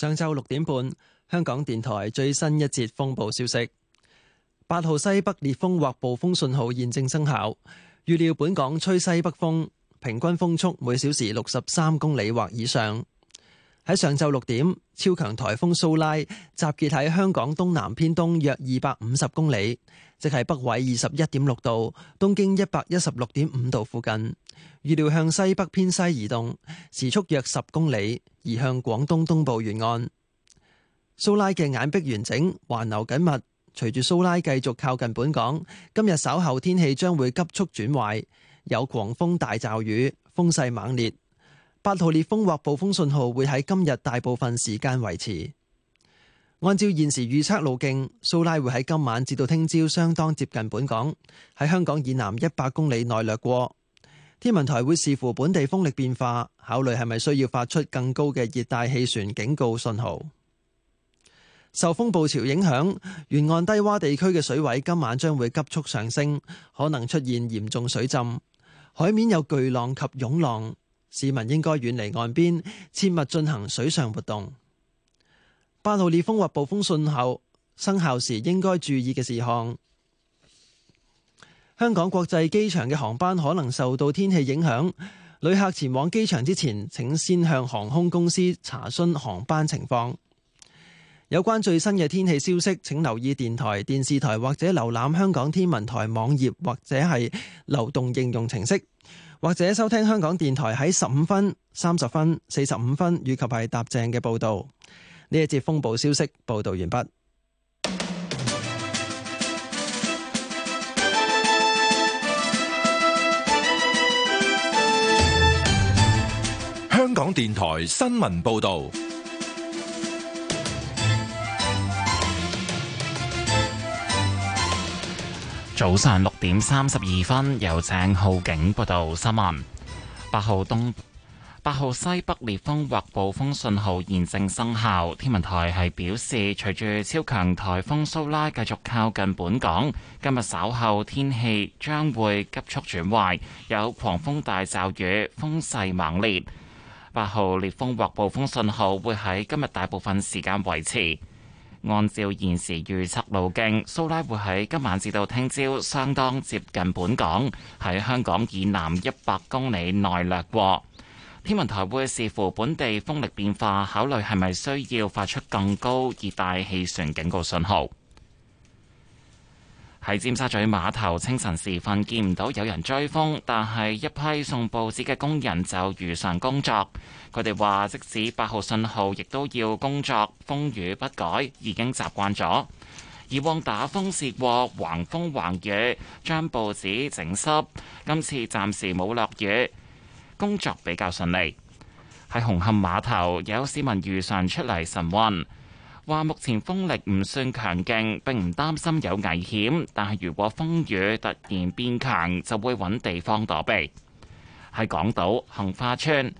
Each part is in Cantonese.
上晝六點半，香港電台最新一節風暴消息：八號西北烈風或暴風信號現正生效，預料本港吹西北風，平均風速每小時六十三公里或以上。喺上晝六點，超強颱風蘇拉集結喺香港東南偏東約二百五十公里。即係北緯二十一點六度，東經一百一十六點五度附近，預料向西北偏西移動，時速約十公里，移向廣東東部沿岸。蘇拉嘅眼壁完整，環流緊密，隨住蘇拉繼續靠近本港，今日稍後天氣將會急速轉壞，有狂風大驟雨，風勢猛烈，八號烈風或暴風信號會喺今日大部分時間維持。按照現時預測路徑，蘇拉會喺今晚至到聽朝相當接近本港，喺香港以南一百公里內掠過。天文台會視乎本地風力變化，考慮係咪需要發出更高嘅熱帶氣旋警告信號。受風暴潮影響，沿岸低洼地區嘅水位今晚將會急速上升，可能出現嚴重水浸。海面有巨浪及湧浪，市民應該遠離岸邊，切勿進行水上活動。八號烈風或暴風信號生效時，應該注意嘅事項。香港國際機場嘅航班可能受到天氣影響，旅客前往機場之前，請先向航空公司查詢航班情況。有關最新嘅天氣消息，請留意電台、電視台或者瀏覽香港天文台網頁或者係流動應用程式，或者收聽香港電台喺十五分、三十分、四十五分以及係踏正嘅報道。呢一節風暴消息報道完畢。香港電台新聞報道。早上六點三十二分，由鄭浩景報道新聞。八號東。八號西北烈風或暴風信號現正生效。天文台係表示，隨住超強颱風蘇拉繼續靠近本港，今日稍後天氣將會急速轉壞，有狂風大驟雨，風勢猛烈。八號烈風或暴風信號會喺今日大部分時間維持。按照現時預測路徑，蘇拉會喺今晚至到聽朝相當接近本港，喺香港以南一百公里內掠過。天文台會視乎本地風力變化，考慮係咪需要發出更高熱帶氣旋警告信號。喺尖沙咀碼頭清晨時分，見唔到有人追風，但係一批送報紙嘅工人就如常工作。佢哋話：即使八號信號，亦都要工作，風雨不改，已經習慣咗。以往打風涉過橫風橫雨，將報紙整濕，今次暫時冇落雨。工作比較順利。喺紅磡碼頭有市民遇上出嚟晨運，話目前風力唔算強勁，並唔擔心有危險。但係如果風雨突然變強，就會揾地方躲避。喺港島杏花邨，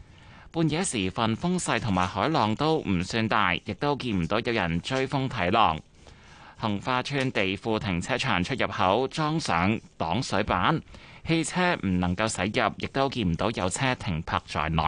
半夜時分風勢同埋海浪都唔算大，亦都見唔到有人追風睇浪。杏花邨地庫停車場出入口裝上擋水板。汽車唔能夠駛入，亦都見唔到有車停泊在內。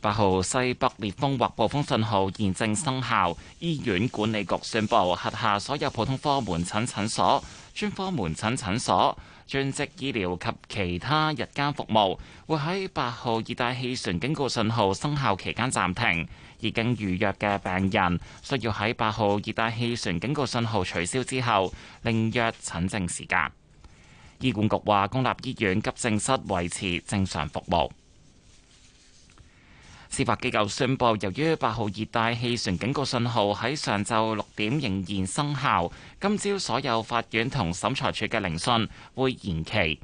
八號西北烈風或暴風信號現正生效，醫院管理局宣布轄下所有普通科門診診所、專科門診診所、專職醫療及其他日間服務，會喺八號熱帶氣旋警告信號生效期間暫停。已經預約嘅病人需要喺八號熱帶氣旋警告信號取消之後，另約診症時間。醫管局話，公立醫院急症室維持正常服務。司法機構宣布，由於八號熱帶氣旋警告信號喺上晝六點仍然生效，今朝所有法院同審裁處嘅聆訊會延期。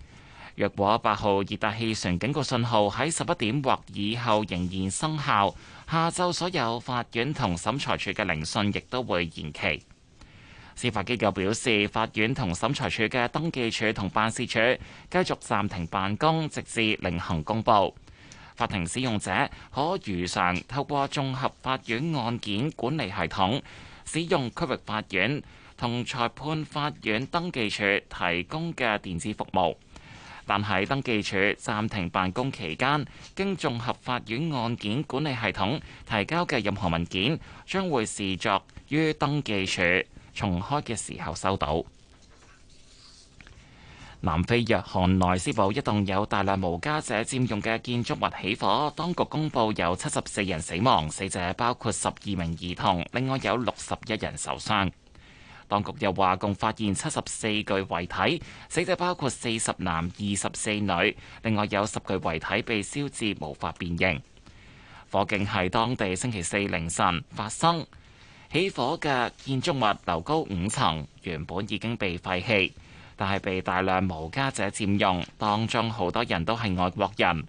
若果八號熱帶氣旋警告信號喺十一點或以後仍然生效，下晝所有法院同審裁處嘅聆訊亦都會延期。司法機構表示，法院同審裁處嘅登記處同辦事處繼續暫停辦公，直至另行公佈。法庭使用者可如常透過綜合法院案件管理系統使用區域法院同裁判法院登記處提供嘅電子服務。但喺登記處暫停辦公期間，經綜合法院案件管理系統提交嘅任何文件，將會視作於登記處重開嘅時候收到。南非約翰內斯堡一棟有大量無家者佔用嘅建築物起火，當局公布有七十四人死亡，死者包括十二名兒童，另外有六十一人受傷。當局又話，共發現七十四具遺體，死者包括四十男二十四女，另外有十具遺體被燒至無法辨認。火警喺當地星期四凌晨發生，起火嘅建築物樓高五層，原本已經被廢棄，但係被大量無家者佔用，當中好多人都係外國人。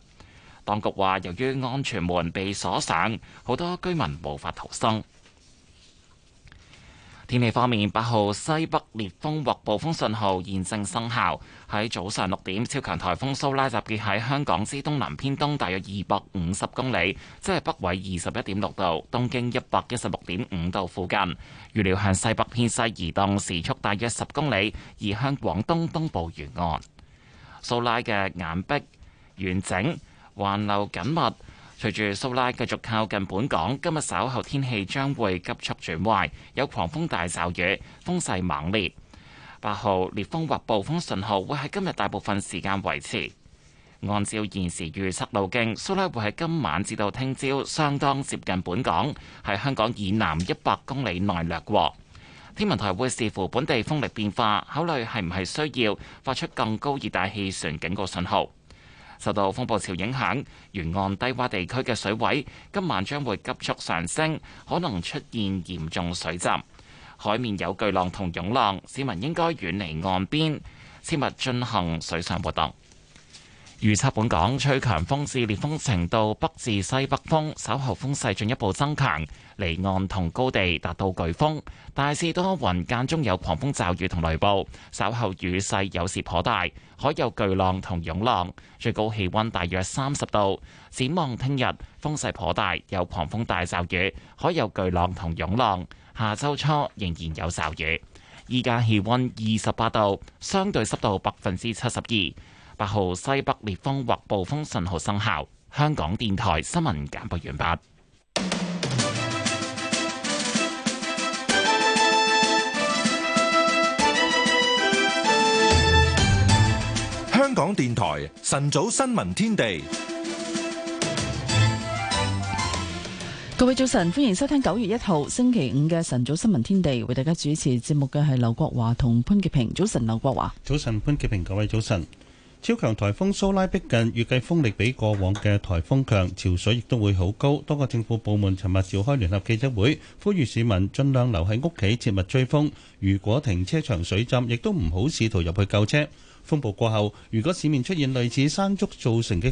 當局話，由於安全門被鎖上，好多居民無法逃生。天氣方面，八號西北烈風或暴風信號現正生效。喺早上六點，超強颱風蘇拉集結喺香港之東南偏東大約二百五十公里，即係北緯二十一點六度、東經一百一十六點五度附近。預料向西北偏西移動，時速大約十公里，移向廣東東部沿岸。蘇拉嘅眼壁完整，環流緊密。隨住蘇拉繼續靠近本港，今日稍後天氣將會急速轉壞，有狂風大驟雨，風勢猛烈。八號烈風或暴風信號會喺今日大部分時間維持。按照現時預測路徑，蘇拉會喺今晚至到聽朝相當接近本港，喺香港以南一百公里內掠過。天文台會視乎本地風力變化，考慮係唔係需要發出更高熱帶氣旋警告信號。受到風暴潮影響，沿岸低洼地區嘅水位今晚將會急速上升，可能出現嚴重水浸。海面有巨浪同湧浪，市民應該遠離岸邊，切勿進行水上活動。預測本港吹強風至烈風程度，北至西北風，稍後風勢進一步增強，離岸同高地達到颶風。大致多雲，間中有狂風驟雨同雷暴，稍後雨勢有時頗大，可有巨浪同湧浪。最高氣溫大約三十度。展望聽日風勢頗大，有狂風大驟雨，可有巨浪同湧浪。下周初仍然有驟雨。依家氣溫二十八度，相對濕度百分之七十二。八號西北烈風或暴風信號生效。香港電台新聞簡報完畢。香港電台晨早新聞天地。各位早晨，歡迎收聽九月一號星期五嘅晨早新聞天地。為大家主持節目嘅係劉國華同潘潔平。早晨，劉國華。早晨，潘潔平。各位早晨。超強颱風蘇拉逼近，預計風力比過往嘅颱風強，潮水亦都會好高。多個政府部門尋日召開聯合記者會，呼籲市民盡量留喺屋企，切勿追風。如果停車場水浸，亦都唔好試圖入去救車。風暴過後，如果市面出現類似山竹造成嘅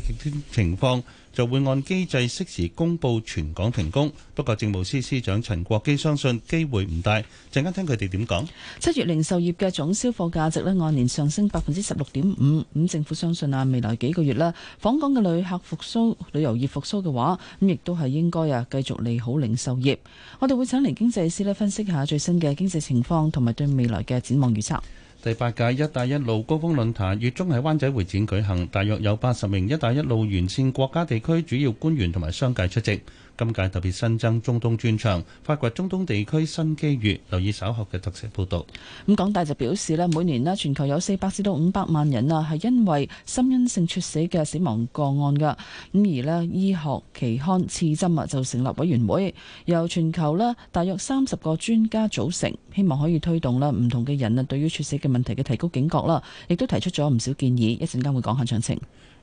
情況，就會按機制適時公佈全港停工。不過，政務司司長陳國基相信機會唔大。陣間聽佢哋點講。七月零售業嘅總銷貨價值咧，按年上升百分之十六點五。咁政府相信啊，未來幾個月咧，訪港嘅旅客復甦、旅遊業復甦嘅話，咁亦都係應該啊，繼續利好零售業。我哋會請嚟經濟師咧分析下最新嘅經濟情況同埋對未來嘅展望預測。第八屆「一帶一路」高峰論壇月中喺灣仔會展舉行，大約有八十名「一帶一路」沿線國家地區主要官員同埋商界出席。今屆特別新增中東專場，發掘中東地區新機遇。留意稍後嘅特色報導。咁港大就表示咧，每年咧全球有四百至到五百萬人啊，係因為心因性猝死嘅死亡個案㗎。咁而咧醫學期刊《刺針》就成立委員會，由全球咧大約三十個專家組成，希望可以推動啦唔同嘅人啊，對於猝死嘅問題嘅提高警覺啦，亦都提出咗唔少建議。一陣間會講下詳情。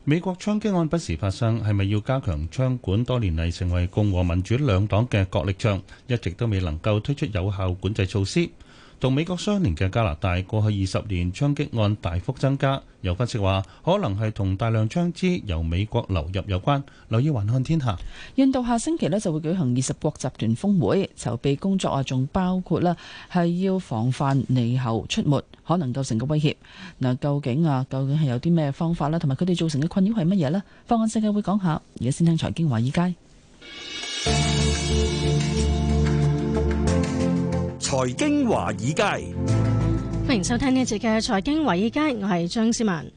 美國槍擊案不時發生，係咪要加強槍管？多年嚟成為共和民主兩黨嘅角力場，一直都未能夠推出有效管制措施。同美國相連嘅加拿大過去二十年槍擊案大幅增加，有分析話可能係同大量槍支由美國流入有關。留意環看天下。印度下星期咧就會舉行二十國集團峰會，籌備工作啊，仲包括啦係要防範獼猴出沒。可能構成嘅威脅，嗱，究竟啊，究竟係有啲咩方法啦，同埋佢哋造成嘅困擾係乜嘢呢？放眼世界會講下，而家先聽財經華爾街。財經華爾街，街歡迎收聽呢一節嘅財經華爾街，我係張思文。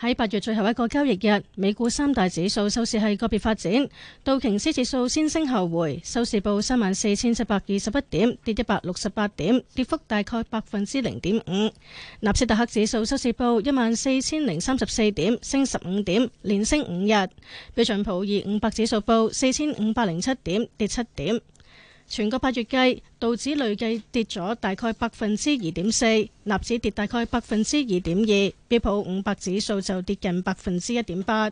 喺八月最後一個交易日，美股三大指數收市係個別發展。道瓊斯指數先升後回，收市報三萬四千七百二十一點，跌一百六十八點，跌幅大概百分之零點五。納斯達克指數收市報一萬四千零三十四點，升十五點，連升五日。標準普爾五百指數報四千五百零七點，跌七點。全個八月計，道指累計跌咗大概百分之二點四，納指跌大概百分之二點二，標普五百指數就跌近百分之一點八。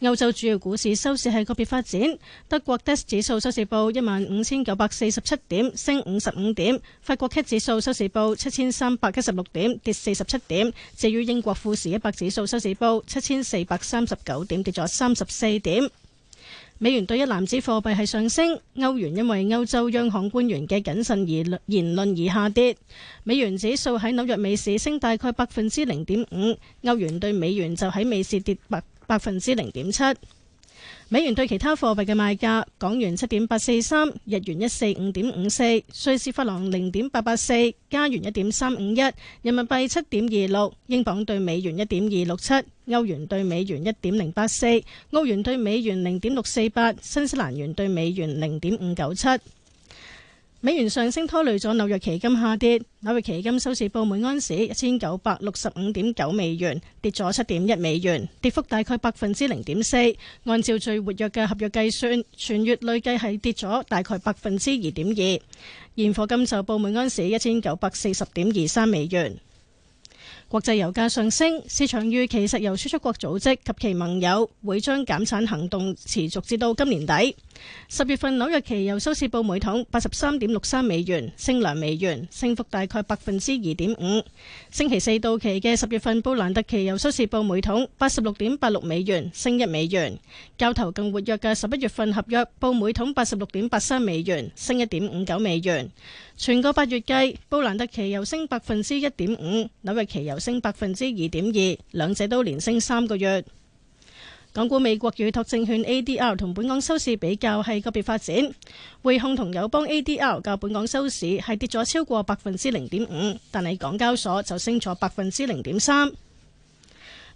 歐洲主要股市收市係個別發展，德國 DAX 指數收市報一萬五千九百四十七點，升五十五點；法國 CAC 指數收市報七千三百一十六點，跌四十七點；至於英國富時一百指數收市報七千四百三十九點，跌咗三十四點。美元兌一籃子貨幣係上升，歐元因為歐洲央行官員嘅謹慎而言論而下跌。美元指數喺紐約美市升大概百分之零點五，歐元對美元就喺美市跌百百分之零點七。美元對其他貨幣嘅賣價：港元七點八四三，日元一四五點五四，瑞士法郎零點八八四，加元一點三五一，人民幣七點二六，英鎊對美元一點二六七，歐元對美元一點零八四，澳元對美元零點六四八，新西蘭元對美元零點五九七。美元上升拖累咗紐約期金下跌。紐約期金收市報每安士一千九百六十五點九美元，跌咗七點一美元，跌幅大概百分之零點四。按照最活躍嘅合約計算，全月累計係跌咗大概百分之二點二。現貨金收報每安士一千九百四十點二三美元。國際油價上升，市場預期石油輸出國組織及其盟友會將減產行動持續至到今年底。十月份紐約期油收市報每桶八十三點六三美元，升兩美元，升幅大概百分之二點五。星期四到期嘅十月份布蘭特期油收市報每桶八十六點八六美元，升一美元。交投更活躍嘅十一月份合約報每桶八十六點八三美元，升一點五九美元。全個八月計，布蘭特期油升百分之一點五，紐約期油升百分之二點二，兩者都連升三個月。港股美國預託證券 ADR 同本港收市比較係個別發展，匯控同友邦 ADR 較本港收市係跌咗超過百分之零點五，但係港交所就升咗百分之零點三。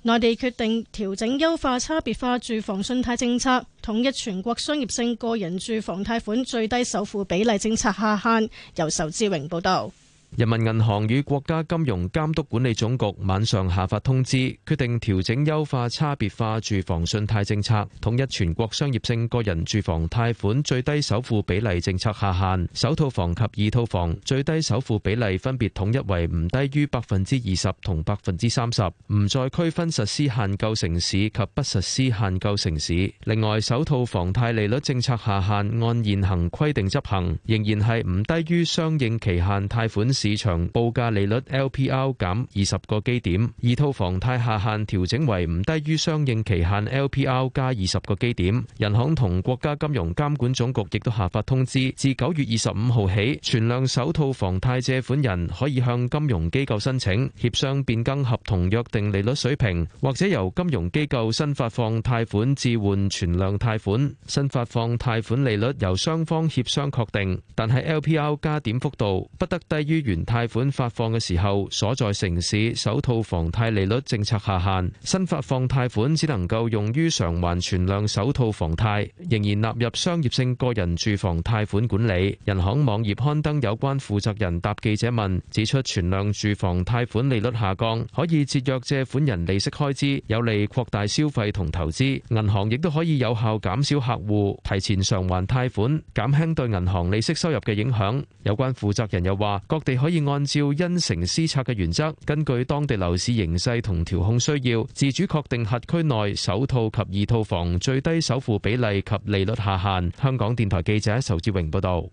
內地決定調整優化差別化住房信貸政策，統一全國商業性個人住房貸款最低首付比例政策下限。由仇志榮報道。人民銀行與國家金融監督管理總局晚上下發通知，決定調整優化差別化住房信貸政策，統一全國商業性個人住房貸款最低首付比例政策下限。首套房及二套房最低首付比例分別統一為唔低於百分之二十同百分之三十，唔再區分實施限購城市及不實施限購城市。另外，首套房貸利率政策下限按現行規定執行，仍然係唔低於相應期限貸款市場報價利率 LPR 減二十個基點，二套房貸下限調整為唔低於相應期限 LPR 加二十個基點。人行同國家金融監管總局亦都下發通知，自九月二十五號起，存量首套房貸借款人可以向金融機構申請協商變更合同約定利率水平，或者由金融機構新發放貸款置換存量貸款，新發放貸款利率由雙方協商確定，但係 LPR 加點幅度不得低於。原貸款發放嘅時候，所在城市首套房貸利率政策下限，新發放貸款只能夠用於償還存量首套房貸，仍然納入商業性個人住房貸款管理。人行網頁刊登有關負責人答記者問，指出存量住房貸款利率下降可以節約借款人利息開支，有利擴大消費同投資。銀行亦都可以有效減少客戶提前償還貸款，減輕對銀行利息收入嘅影響。有關負責人又話，各地。可以按照因城施策嘅原則，根據當地樓市形勢同調控需要，自主確定轄區內首套及二套房最低首付比例及利率下限。香港電台記者仇志榮報道。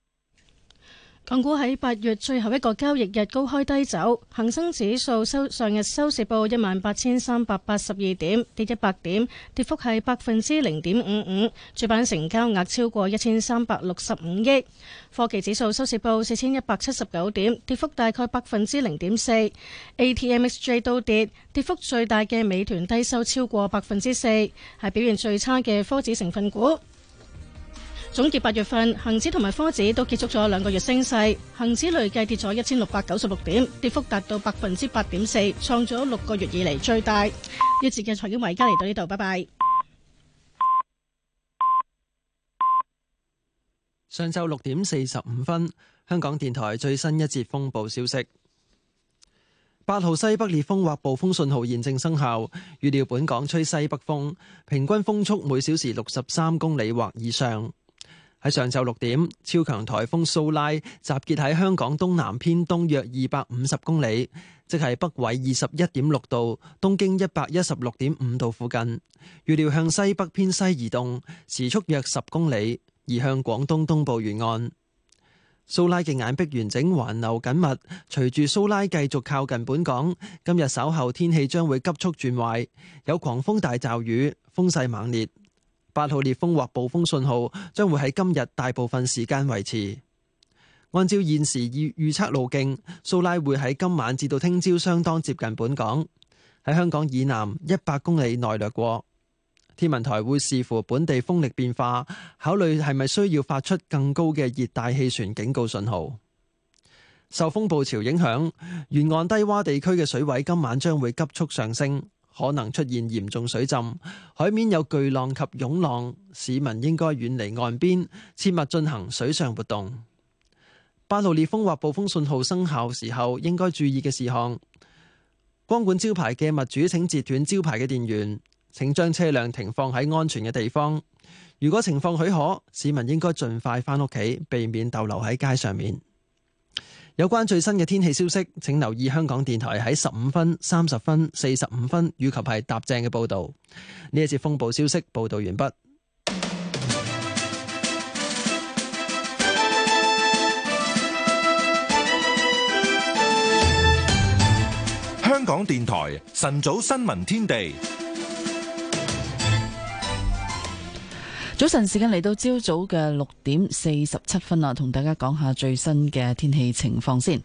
港股喺八月最後一個交易日高開低走，恒生指數收上日收市報一萬八千三百八十二點，跌一百點，跌幅係百分之零點五五。主板成交額超過一千三百六十五億。科技指數收市報四千一百七十九點，跌幅大概百分之零點四。ATMXJ 都跌，跌幅最大嘅美團低收超過百分之四，係表現最差嘅科指成分股。總結八月份，恒指同埋科指都結束咗兩個月升勢，恒指累計跌咗一千六百九十六點，跌幅達到百分之八點四，創咗六個月以嚟最大。一節嘅財經維嘉嚟到呢度，拜拜。上晝六點四十五分，香港電台最新一節風暴消息：八號西北烈風或暴風信號現正生效，預料本港吹西北風，平均風速每小時六十三公里或以上。喺上晝六點，超強颱風蘇拉集結喺香港東南偏東約二百五十公里，即係北緯二十一點六度、東經一百一十六點五度附近。預料向西北偏西移動，時速約十公里，移向廣東東部沿岸。蘇拉嘅眼壁完整，環流緊密。隨住蘇拉繼續靠近本港，今日稍後天氣將會急速轉壞，有狂風大驟雨，風勢猛烈。八號烈風或暴風信號將會喺今日大部分時間維持。按照現時預預測路徑，蘇拉會喺今晚至到聽朝相當接近本港，喺香港以南一百公里內掠過。天文台會視乎本地風力變化，考慮係咪需要發出更高嘅熱帶氣旋警告信號。受風暴潮影響，沿岸低洼地區嘅水位今晚將會急速上升。可能出現嚴重水浸，海面有巨浪及湧浪，市民應該遠離岸邊，切勿進行水上活動。八號烈風或暴風信號生效時候，應該注意嘅事項：光管招牌嘅物主，請截斷招牌嘅電源，請將車輛停放喺安全嘅地方。如果情況許可，市民應該盡快翻屋企，避免逗留喺街上面。有關最新嘅天氣消息，請留意香港電台喺十五分、三十分、四十五分以及係搭正嘅報道。呢一節風暴消息報道完畢。香港電台晨早新聞天地。早晨時間嚟到朝早嘅六點四十七分啦，同大家講下最新嘅天氣情況先。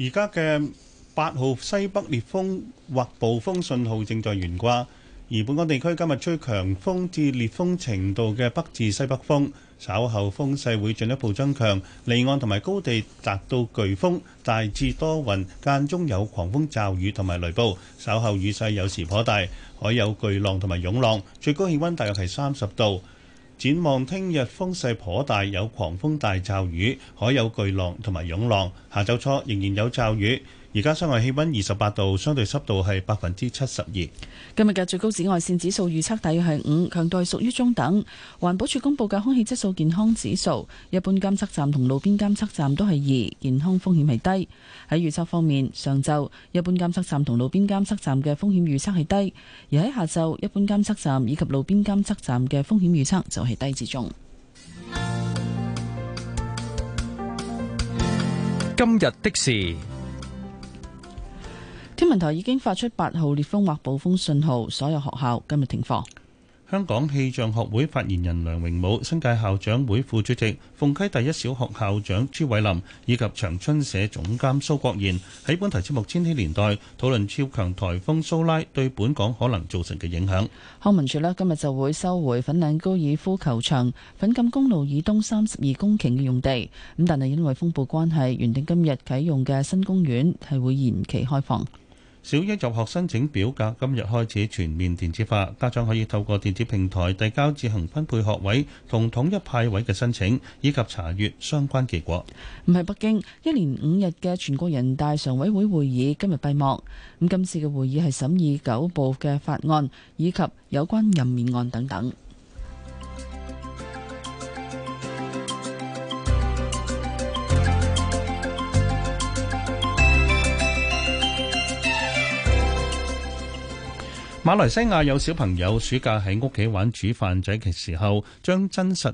而家嘅八號西北烈風或暴風信號正在懸掛，而本港地區今日吹強風至烈風程度嘅北至西北風，稍後風勢會進一步增強。離岸同埋高地達到颶風，大致多雲，間中有狂風驟雨同埋雷暴，稍後雨勢有時頗大，海有巨浪同埋湧浪，最高氣溫大約係三十度。展望聽日風勢頗大，有狂風大驟雨，海有巨浪同埋湧浪。下週初仍然有驟雨。而家室外氣溫二十八度，相對濕度係百分之七十二。今日嘅最高紫外線指數預測大約係五，強度係屬於中等。環保署公布嘅空氣質素健康指數，一般監測站同路邊監測站都係二，健康風險係低。喺預測方面，上晝一般監測站同路邊監測站嘅風險預測係低，而喺下晝一般監測站以及路邊監測站嘅風險預測就係低至中。今日的事。天文台已經發出八號烈風或暴風信號，所有學校今日停課。香港氣象學會發言人梁榮武、新界校長會副主席鳳溪第一小學校長朱偉林以及長春社總監蘇國賢喺本台節目《千禧年代》討論超強颱風蘇拉對本港可能造成嘅影響。康文署呢，今日就會收回粉嶺高爾夫球場粉錦公路以東三十二公頃嘅用地，咁但係因為風暴關係，原定今日啟用嘅新公園係會延期開放。小一入學申請表格今日開始全面電子化，家長可以透過電子平台遞交自行分配學位同統一派位嘅申請，以及查閱相關結果。唔係北京，一連五日嘅全國人大常委會會議今日閉幕。咁今次嘅會議係審議九部嘅法案，以及有關任免案等等。馬來西亞有小朋友暑假喺屋企玩煮飯仔嘅時候，將真實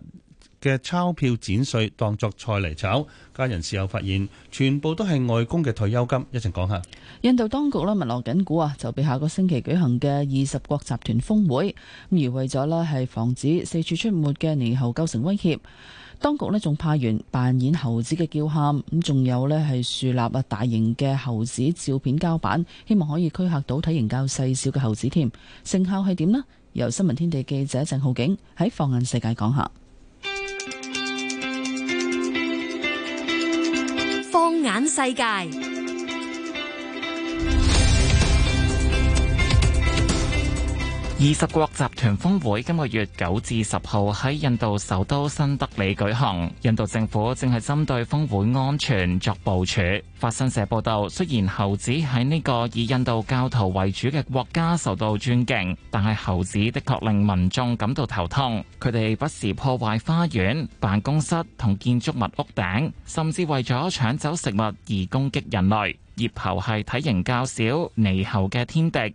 嘅鈔票剪碎當作菜嚟炒，家人事後發現全部都係外公嘅退休金。講一陣講下。印度當局咧密鑼緊鼓啊，就被下個星期舉行嘅二十國集團峰會，而為咗呢係防止四處出沒嘅獼猴構成威脅。當局咧仲派員扮演猴子嘅叫喊，咁仲有咧係樹立啊大型嘅猴子照片膠板，希望可以驅吓到體型較細小嘅猴子添。成效係點呢？由新聞天地記者鄭浩景喺放眼世界講下。放眼世界。二十國集團峰會今個月九至十號喺印度首都新德里舉行。印度政府正係針對峰會安全作部署。法新社報道，雖然猴子喺呢個以印度教徒為主嘅國家受到尊敬，但係猴子的確令民眾感到頭痛。佢哋不時破壞花園、辦公室同建築物屋頂，甚至為咗搶走食物而攻擊人類。葉猴係體型較小，獼猴嘅天敵。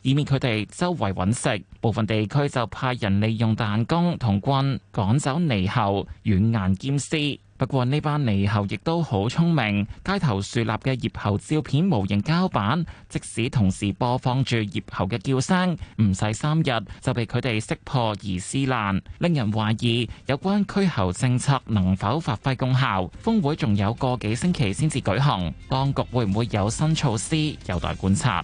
以免佢哋周圍揾食，部分地區就派人利用彈弓同棍趕走獼猴，軟硬兼施。不過呢班獼猴亦都好聰明，街頭樹立嘅葉猴照片模型膠板，即使同時播放住葉猴嘅叫聲，唔使三日就被佢哋識破而撕爛，令人懷疑有關驅猴政策能否發揮功效。峰會仲有個幾星期先至舉行，當局會唔會有新措施，有待觀察。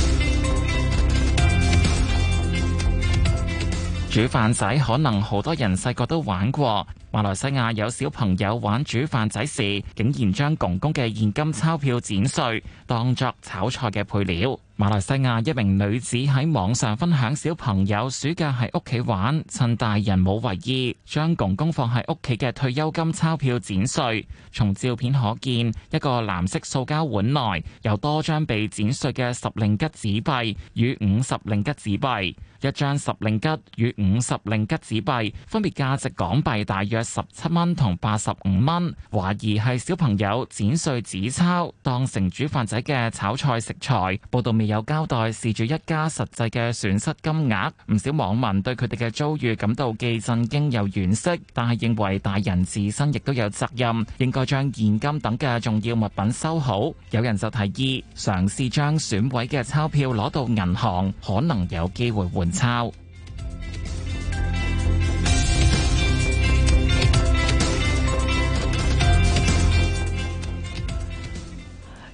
煮飯仔可能好多人細個都玩過。馬來西亞有小朋友玩煮飯仔時，竟然將公公嘅現金鈔票剪碎，當作炒菜嘅配料。馬來西亞一名女子喺網上分享小朋友暑假喺屋企玩，趁大人冇為意，將公公放喺屋企嘅退休金鈔票剪碎。從照片可見，一個藍色塑膠碗內有多張被剪碎嘅十令吉紙幣與五十令吉紙幣。一張十令吉與五十令吉紙幣分別價值港幣大約十七蚊同八十五蚊，懷疑係小朋友剪碎紙鈔當成煮飯仔嘅炒菜食材。報道未有交代事主一家實際嘅損失金額。唔少網民對佢哋嘅遭遇感到既震驚又惋惜，但係認為大人自身亦都有責任，應該將現金等嘅重要物品收好。有人就提議嘗試將損毀嘅鈔票攞到銀行，可能有機會換。抄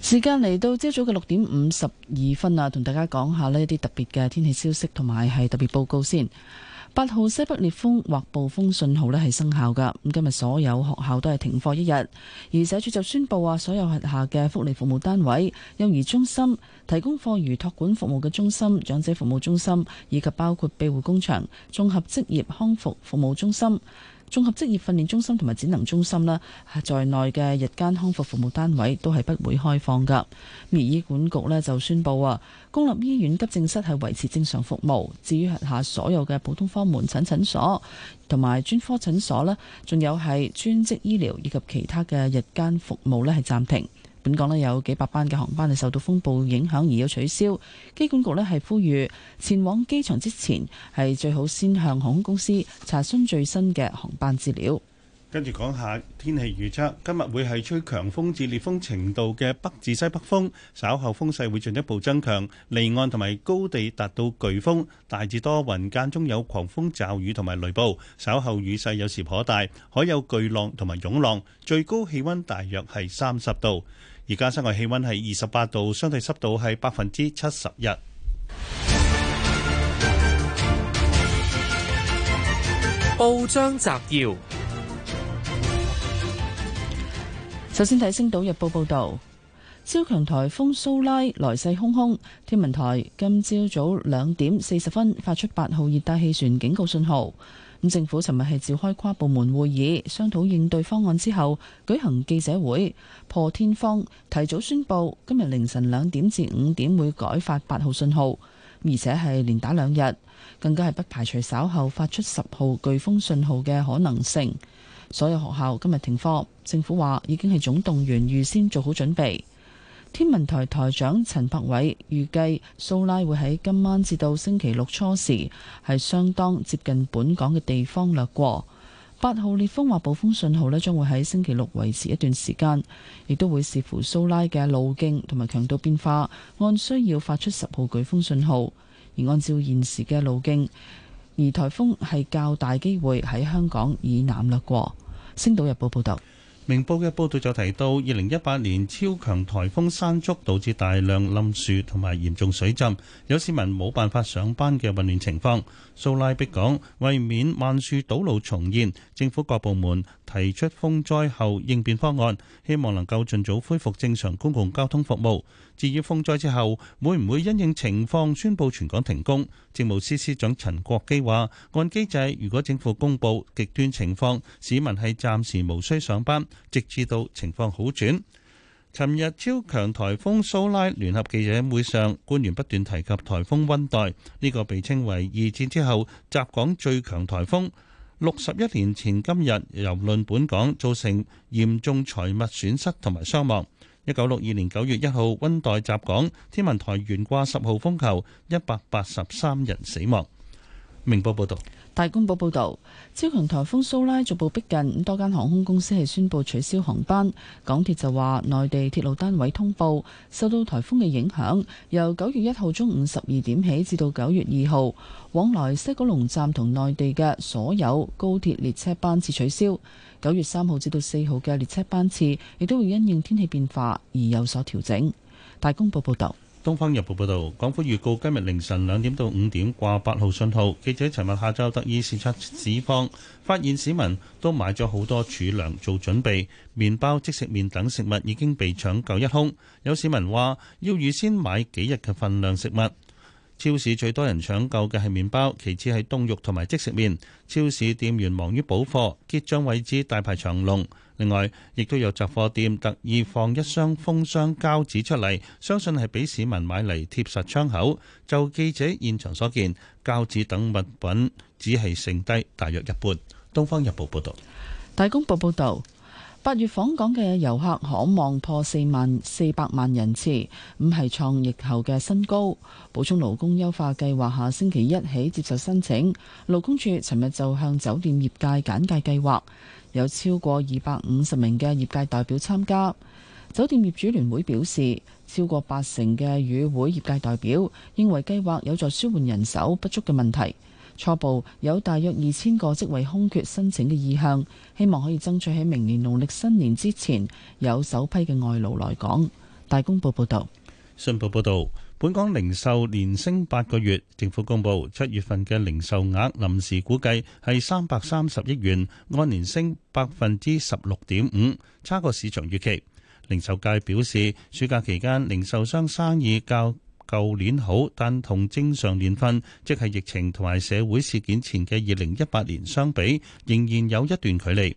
時間嚟到朝早嘅六點五十二分啊，同大家講下呢一啲特別嘅天氣消息同埋係特別報告先。八號西北烈風或暴風信號咧係生效噶，咁今日所有學校都係停課一日，而社署就宣布話所有下嘅福利服務單位、幼兒中心提供課餘托管服務嘅中心、長者服務中心以及包括庇護工場、綜合職業康復服務中心。綜合職業訓練中心同埋展能中心啦，在內嘅日間康復服務單位都係不會開放噶。而醫管局呢就宣布啊，公立醫院急症室係維持正常服務。至於轄下所有嘅普通科門診診所同埋專科診所呢仲有係專職醫療以及其他嘅日間服務呢係暫停。本港咧有幾百班嘅航班係受到風暴影響而有取消。機管局咧係呼籲前往機場之前係最好先向航空公司查詢最新嘅航班資料。跟住講下天氣預測，今日會係吹強風至烈風程度嘅北至西北風，稍後風勢會進一步增強。離岸同埋高地達到颶風，大致多雲間中有狂風驟雨同埋雷暴，稍後雨勢有時頗大，海有巨浪同埋湧浪。最高氣溫大約係三十度。而家室外氣溫係二十八度，相對濕度係百分之七十一。報章摘要：首先睇《星島日報》報道，超強台風蘇拉來勢洶洶，天文台今朝早兩點四十分發出八號熱帶氣旋警告信號。咁政府尋日係召開跨部門會議商討應對方案，之後舉行記者會，破天荒提早宣布今日凌晨兩點至五點會改發八號信號，而且係連打兩日，更加係不排除稍後發出十號颶風信號嘅可能性。所有學校今日停課，政府話已經係總動員預先做好準備。天文台台長陳柏偉預計，蘇拉會喺今晚至到星期六初時，係相當接近本港嘅地方掠過。八號烈風或暴風信號咧，將會喺星期六維持一段時間，亦都會視乎蘇拉嘅路徑同埋強度變化，按需要發出十號颶風信號。而按照現時嘅路徑，而颱風係較大機會喺香港以南掠過。星島日報報道。明報嘅報道就提到，二零一八年超強颱風山竹導致大量冧樹同埋嚴重水浸，有市民冇辦法上班嘅混亂情況。蘇拉逼港，為免萬樹堵路重現，政府各部門提出風災後應變方案，希望能夠盡早恢復正常公共交通服務。至於風災之後會唔會因應情況宣布全港停工，政務司司長陳國基話：按機制，如果政府公布極端情況，市民係暫時無需上班，直至到情況好轉。尋日超強颱風蘇拉聯合記者會上，官員不斷提及颱風溫黛呢個被稱為二戰之後襲港最強颱風。六十一年前今日遊論本港造成嚴重財物損失同埋傷亡。一九六二年九月一號，溫黛襲港，天文台懸掛十號風球，一百八十三人死亡。明報報導。大公報報導，超強颱風蘇拉逐步逼近，多間航空公司係宣布取消航班。港鐵就話，內地鐵路單位通報受到颱風嘅影響，由九月一號中午十二點起至到九月二號，往來西九龍站同內地嘅所有高鐵列車班次取消。九月三號至到四號嘅列車班次亦都會因應天氣變化而有所調整。大公報報導。《東方日報》報道，港府預告今日凌晨兩點到五點掛八號信號。記者尋日下晝特意視察市況，發現市民都買咗好多儲糧做準備，麵包、即食麵等食物已經被搶購一空。有市民話要預先買幾日嘅份量食物。超市最多人搶購嘅係麵包，其次係凍肉同埋即食麵。超市店員忙於補貨，結帳位置大排長龍。另外，亦都有雜貨店特意放一箱封箱膠紙出嚟，相信係俾市民買嚟貼實窗口。就記者現場所見，膠紙等物品只係剩低大約一半。《東方日報》報道，《大公報》報道，八月訪港嘅遊客可望破四萬四百萬人次，咁係創疫後嘅新高。補充勞工優化計劃下星期一起接受申請，勞工處尋日就向酒店業界簡介計劃。有超過二百五十名嘅業界代表參加。酒店業主聯會表示，超過八成嘅與會業界代表認為計劃有助舒緩人手不足嘅問題。初步有大約二千個職位空缺申請嘅意向，希望可以爭取喺明年農曆新年之前有首批嘅外勞來港。大公報報道。信報報道。本港零售連升八個月，政府公布七月份嘅零售額臨時估計係三百三十億元，按年升百分之十六點五，差過市場預期。零售界表示，暑假期間零售商生意較舊年好，但同正常年份，即係疫情同埋社會事件前嘅二零一八年相比，仍然有一段距離。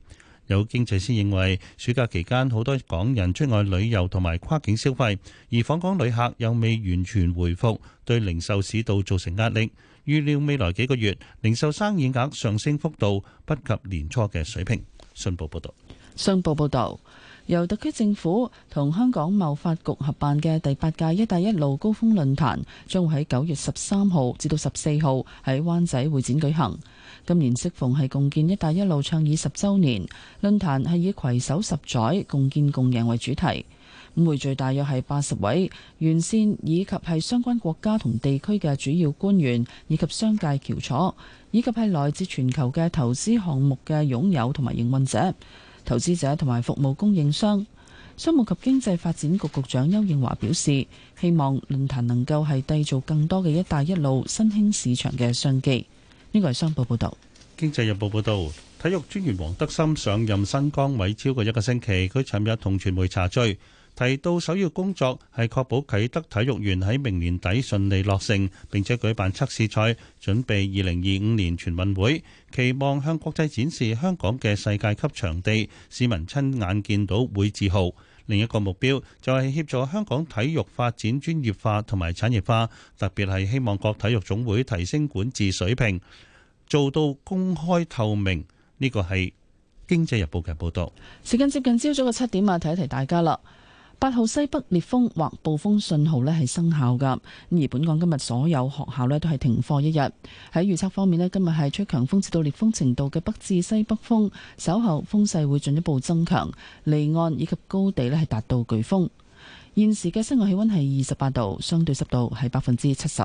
有經濟師認為，暑假期間好多港人出外旅遊同埋跨境消費，而訪港旅客又未完全回復，對零售市道造成壓力。預料未來幾個月，零售生意額上升幅度不及年初嘅水平。信報報道。商報報道，由特區政府同香港貿發局合辦嘅第八屆一帶一路高峰論壇，將會喺九月十三號至到十四號喺灣仔會展舉行。今年適逢係共建“一帶一路”倡議十周年論壇係以携手十載共建共贏為主題，五會聚大約係八十位沿線以及係相關國家同地區嘅主要官員，以及商界翹楚，以及係來自全球嘅投資項目嘅擁有同埋營運者、投資者同埋服務供應商。商務及經濟發展局局長邱應華表示，希望論壇能夠係締造更多嘅“一帶一路”新興市場嘅商機。呢個係商報報道，經濟日報報道，體育專員黃德森上任新崗位超過一個星期，佢尋日同傳媒查追。提到首要工作係確保啟德體育園喺明年底順利落成，並且舉辦測試賽，準備二零二五年全運會，期望向國際展示香港嘅世界級場地，市民親眼見到會自豪。另一個目標就係協助香港體育發展專業化同埋產業化，特別係希望各體育總會提升管治水平，做到公開透明。呢個係《經濟日報》嘅報道。時間接近朝早嘅七點啊，提一提大家啦。八號西北烈風或暴風信號咧係生效㗎。咁而本港今日所有學校咧都係停課一日。喺預測方面咧，今日係吹強風至到烈風程度嘅北至西北風，稍後風勢會進一步增強，離岸以及高地咧係達到颶風。現時嘅室外氣溫係二十八度，相對濕度係百分之七十。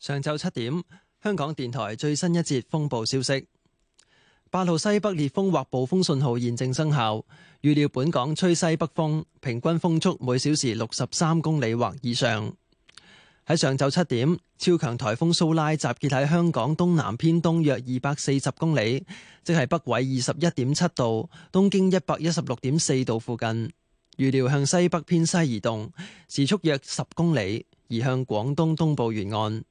上晝七點。香港電台最新一節風暴消息：八號西北烈風或暴風信號現正生效，預料本港吹西北風，平均風速每小時六十三公里或以上。喺上晝七點，超強台風蘇拉集結喺香港東南偏東約二百四十公里，即係北緯二十一點七度、東經一百一十六點四度附近。預料向西北偏西移動，時速約十公里，移向廣東東部沿岸。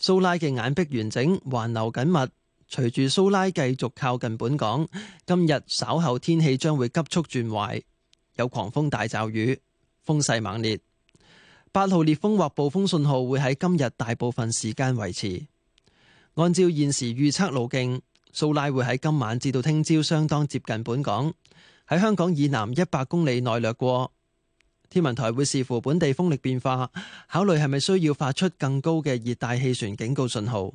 蘇拉嘅眼壁完整，環流緊密。隨住蘇拉繼續靠近本港，今日稍後天氣將會急速轉壞，有狂風大驟雨，風勢猛烈。八號烈風或暴風信號會喺今日大部分時間維持。按照現時預測路徑，蘇拉會喺今晚至到聽朝相當接近本港，喺香港以南一百公里內掠過。天文台會視乎本地風力變化，考慮係咪需要發出更高嘅熱帶氣旋警告信號。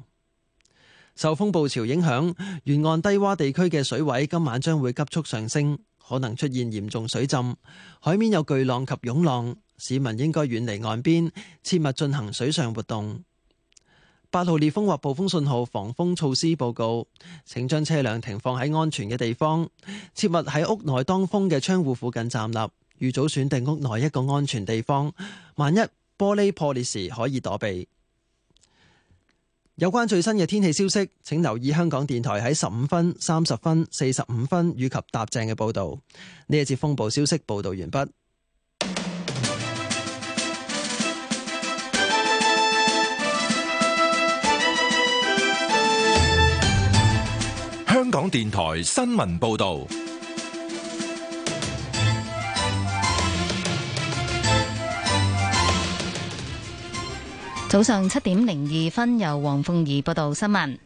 受風暴潮影響，沿岸低窪地區嘅水位今晚將會急速上升，可能出現嚴重水浸。海面有巨浪及湧浪，市民應該遠離岸邊，切勿進行水上活動。八號烈風或暴風信號防風措施報告，請將車輛停放喺安全嘅地方，切勿喺屋內當風嘅窗戶附近站立。預早選定屋內一個安全地方，萬一玻璃破裂時可以躲避。有關最新嘅天氣消息，請留意香港電台喺十五分、三十分、四十五分以及踏正嘅報道。呢一節風暴消息報道完畢。香港電台新聞報道。早上七點零二分，由黃鳳儀報道，道新聞。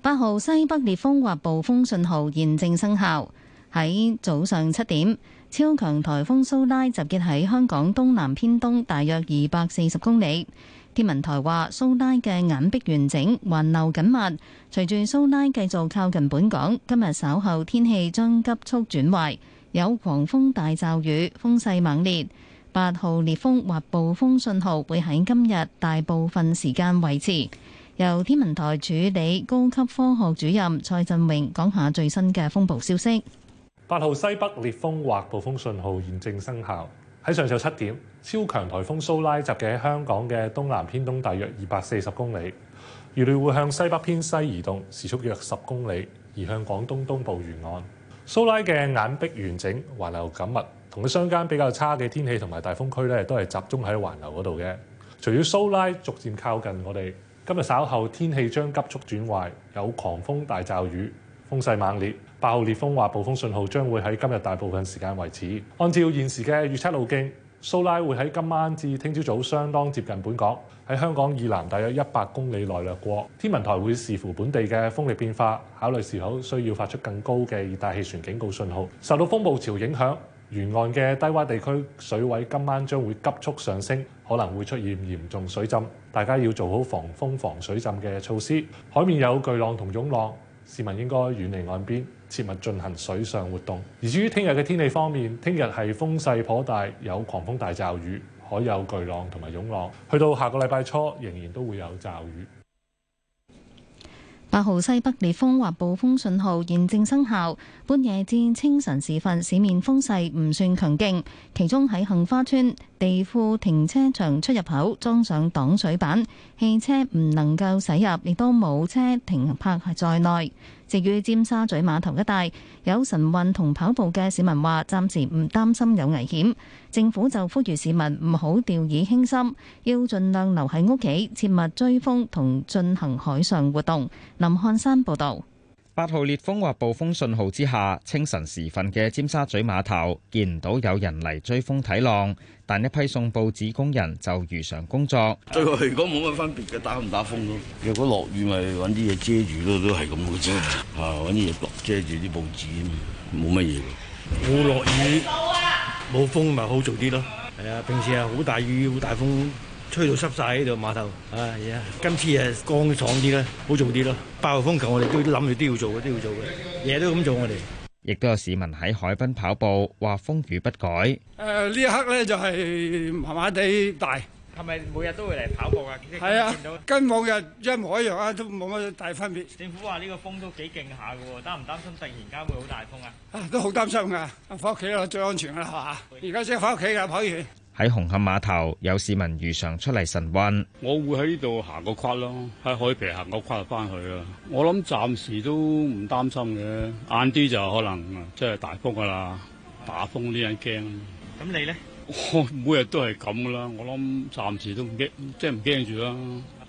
八號西北烈風或暴風信號現正生效。喺早上七點，超強台風蘇拉集結喺香港東南偏東大約二百四十公里。天文台話，蘇拉嘅眼壁完整，環流緊密。隨住蘇拉繼續靠近本港，今日稍後天氣將急速轉壞，有狂風大驟雨，風勢猛烈。八號烈風或暴風信號會喺今日大部分時間維持。由天文台助理高級科學主任蔡振榮講下最新嘅風暴消息。八號西北烈風或暴風信號現正生效。喺上晝七點，超強颱風蘇拉襲嘅香港嘅東南偏東大約二百四十公里，預料會向西北偏西移動，時速約十公里，移向廣東東部沿岸。蘇拉嘅眼壁完整，環流緊密。個相間比較差嘅天氣同埋大風區咧，都係集中喺環流嗰度嘅。隨住蘇拉逐漸靠近我，我哋今日稍後天氣將急速轉壞，有狂風大驟雨，風勢猛烈，八號烈風或暴風信號將會喺今日大部分時間維持。按照現時嘅預測路徑，蘇拉會喺今晚至聽朝早，早相當接近本港，喺香港以南大約一百公里內掠過。天文台會視乎本地嘅風力變化，考慮是否需要發出更高嘅熱帶氣旋警告信號。受到風暴潮影響。沿岸嘅低窪地區水位今晚將會急速上升，可能會出現嚴重水浸，大家要做好防風防水浸嘅措施。海面有巨浪同湧浪，市民應該遠離岸邊，切勿進行水上活動。而至於聽日嘅天氣方面，聽日係風勢頗大，有狂風大驟雨，海有巨浪同埋湧浪。去到下個禮拜初，仍然都會有驟雨。八號西北烈風或暴風信號現正生效，半夜至清晨時分市面風勢唔算強勁。其中喺杏花邨地庫停車場出入口裝上擋水板，汽車唔能夠駛入，亦都冇車停泊喺在內。至於尖沙咀碼頭一帶有晨運同跑步嘅市民話，暫時唔擔心有危險。政府就呼籲市民唔好掉以輕心，要盡量留喺屋企，切勿追風同進行海上活動。林漢山報導。八號烈風或暴風信號之下，清晨時分嘅尖沙咀碼頭見唔到有人嚟追風睇浪。但一批送報紙工人就如常工作。對我嚟講冇乜分別嘅，打唔打風咯？如果落雨咪揾啲嘢遮住咯，都係咁嘅啫。啊，揾啲嘢擱遮住啲報紙，冇乜嘢，冇落雨，冇、啊、風咪好做啲咯。係啊，平時呀好大雨、好大風，吹到濕晒喺度碼頭。啊，而、yeah、今次係乾爽啲啦，好做啲咯。八號風球我哋都諗住都要做嘅，都要做嘅，日日都咁做，做我哋。亦都有市民喺海濱跑步，話風雨不改。誒，呢一刻咧就係麻麻地大。係咪每日都會嚟跑步啊？係啊，跟往日一模一樣啊，都冇乜大分別。政府話呢個風都幾勁下㗎喎，擔唔擔心突然間會好大風啊？啊，都好擔心噶，翻屋企啦最安全啦，吓，而家先翻屋企噶，跑完。喺紅磡碼頭有市民如常出嚟晨運。就是，我會喺呢度行個跨咯，喺海皮行個跨就返去啦。我諗暫時都唔擔心嘅，晏啲就可能即係大風噶啦，打風啲人驚。咁你咧？我每日都係咁噶啦，我諗暫時都唔驚，即係唔驚住啦。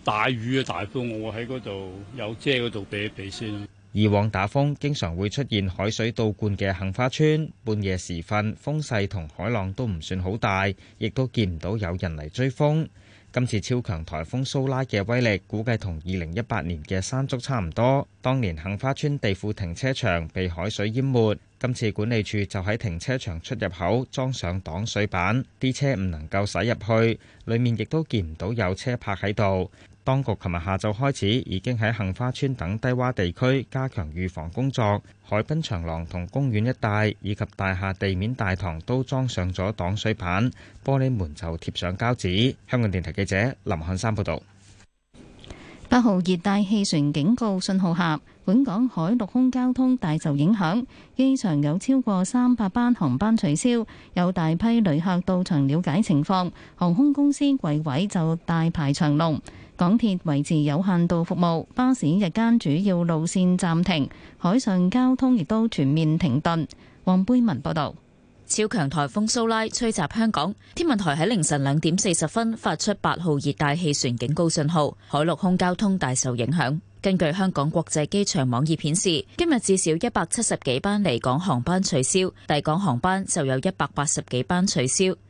大雨啊，大風我會喺嗰度有遮嗰度避一避先。以往打風，經常會出現海水倒灌嘅杏花村。半夜時分，風勢同海浪都唔算好大，亦都見唔到有人嚟追風。今次超強颱風蘇拉嘅威力，估計同二零一八年嘅山竹差唔多。當年杏花村地庫停車場被海水淹沒，今次管理處就喺停車場出入口裝上擋水板，啲車唔能夠駛入去，裡面亦都見唔到有車泊喺度。當局琴日下晝開始，已經喺杏花村等低洼地區加強預防工作，海濱長廊同公園一帶以及大廈地面大堂都裝上咗擋水板，玻璃門就貼上膠紙。香港電台記者林漢山報導。八號熱帶氣旋警告信號下，本港海陸空交通大受影響，機場有超過三百班航班取消，有大批旅客到場了解情況，航空公司櫃位就大排長龍。港鐵維持有限度服務，巴士日間主要路線暫停，海上交通亦都全面停頓。黃貝文報道：超強台風蘇拉吹襲香港，天文台喺凌晨兩點四十分發出八號熱帶氣旋警告信號，海陸空交通大受影響。根據香港國際機場網頁顯示，今日至少一百七十幾班離港航班取消，抵港航班就有一百八十幾班取消。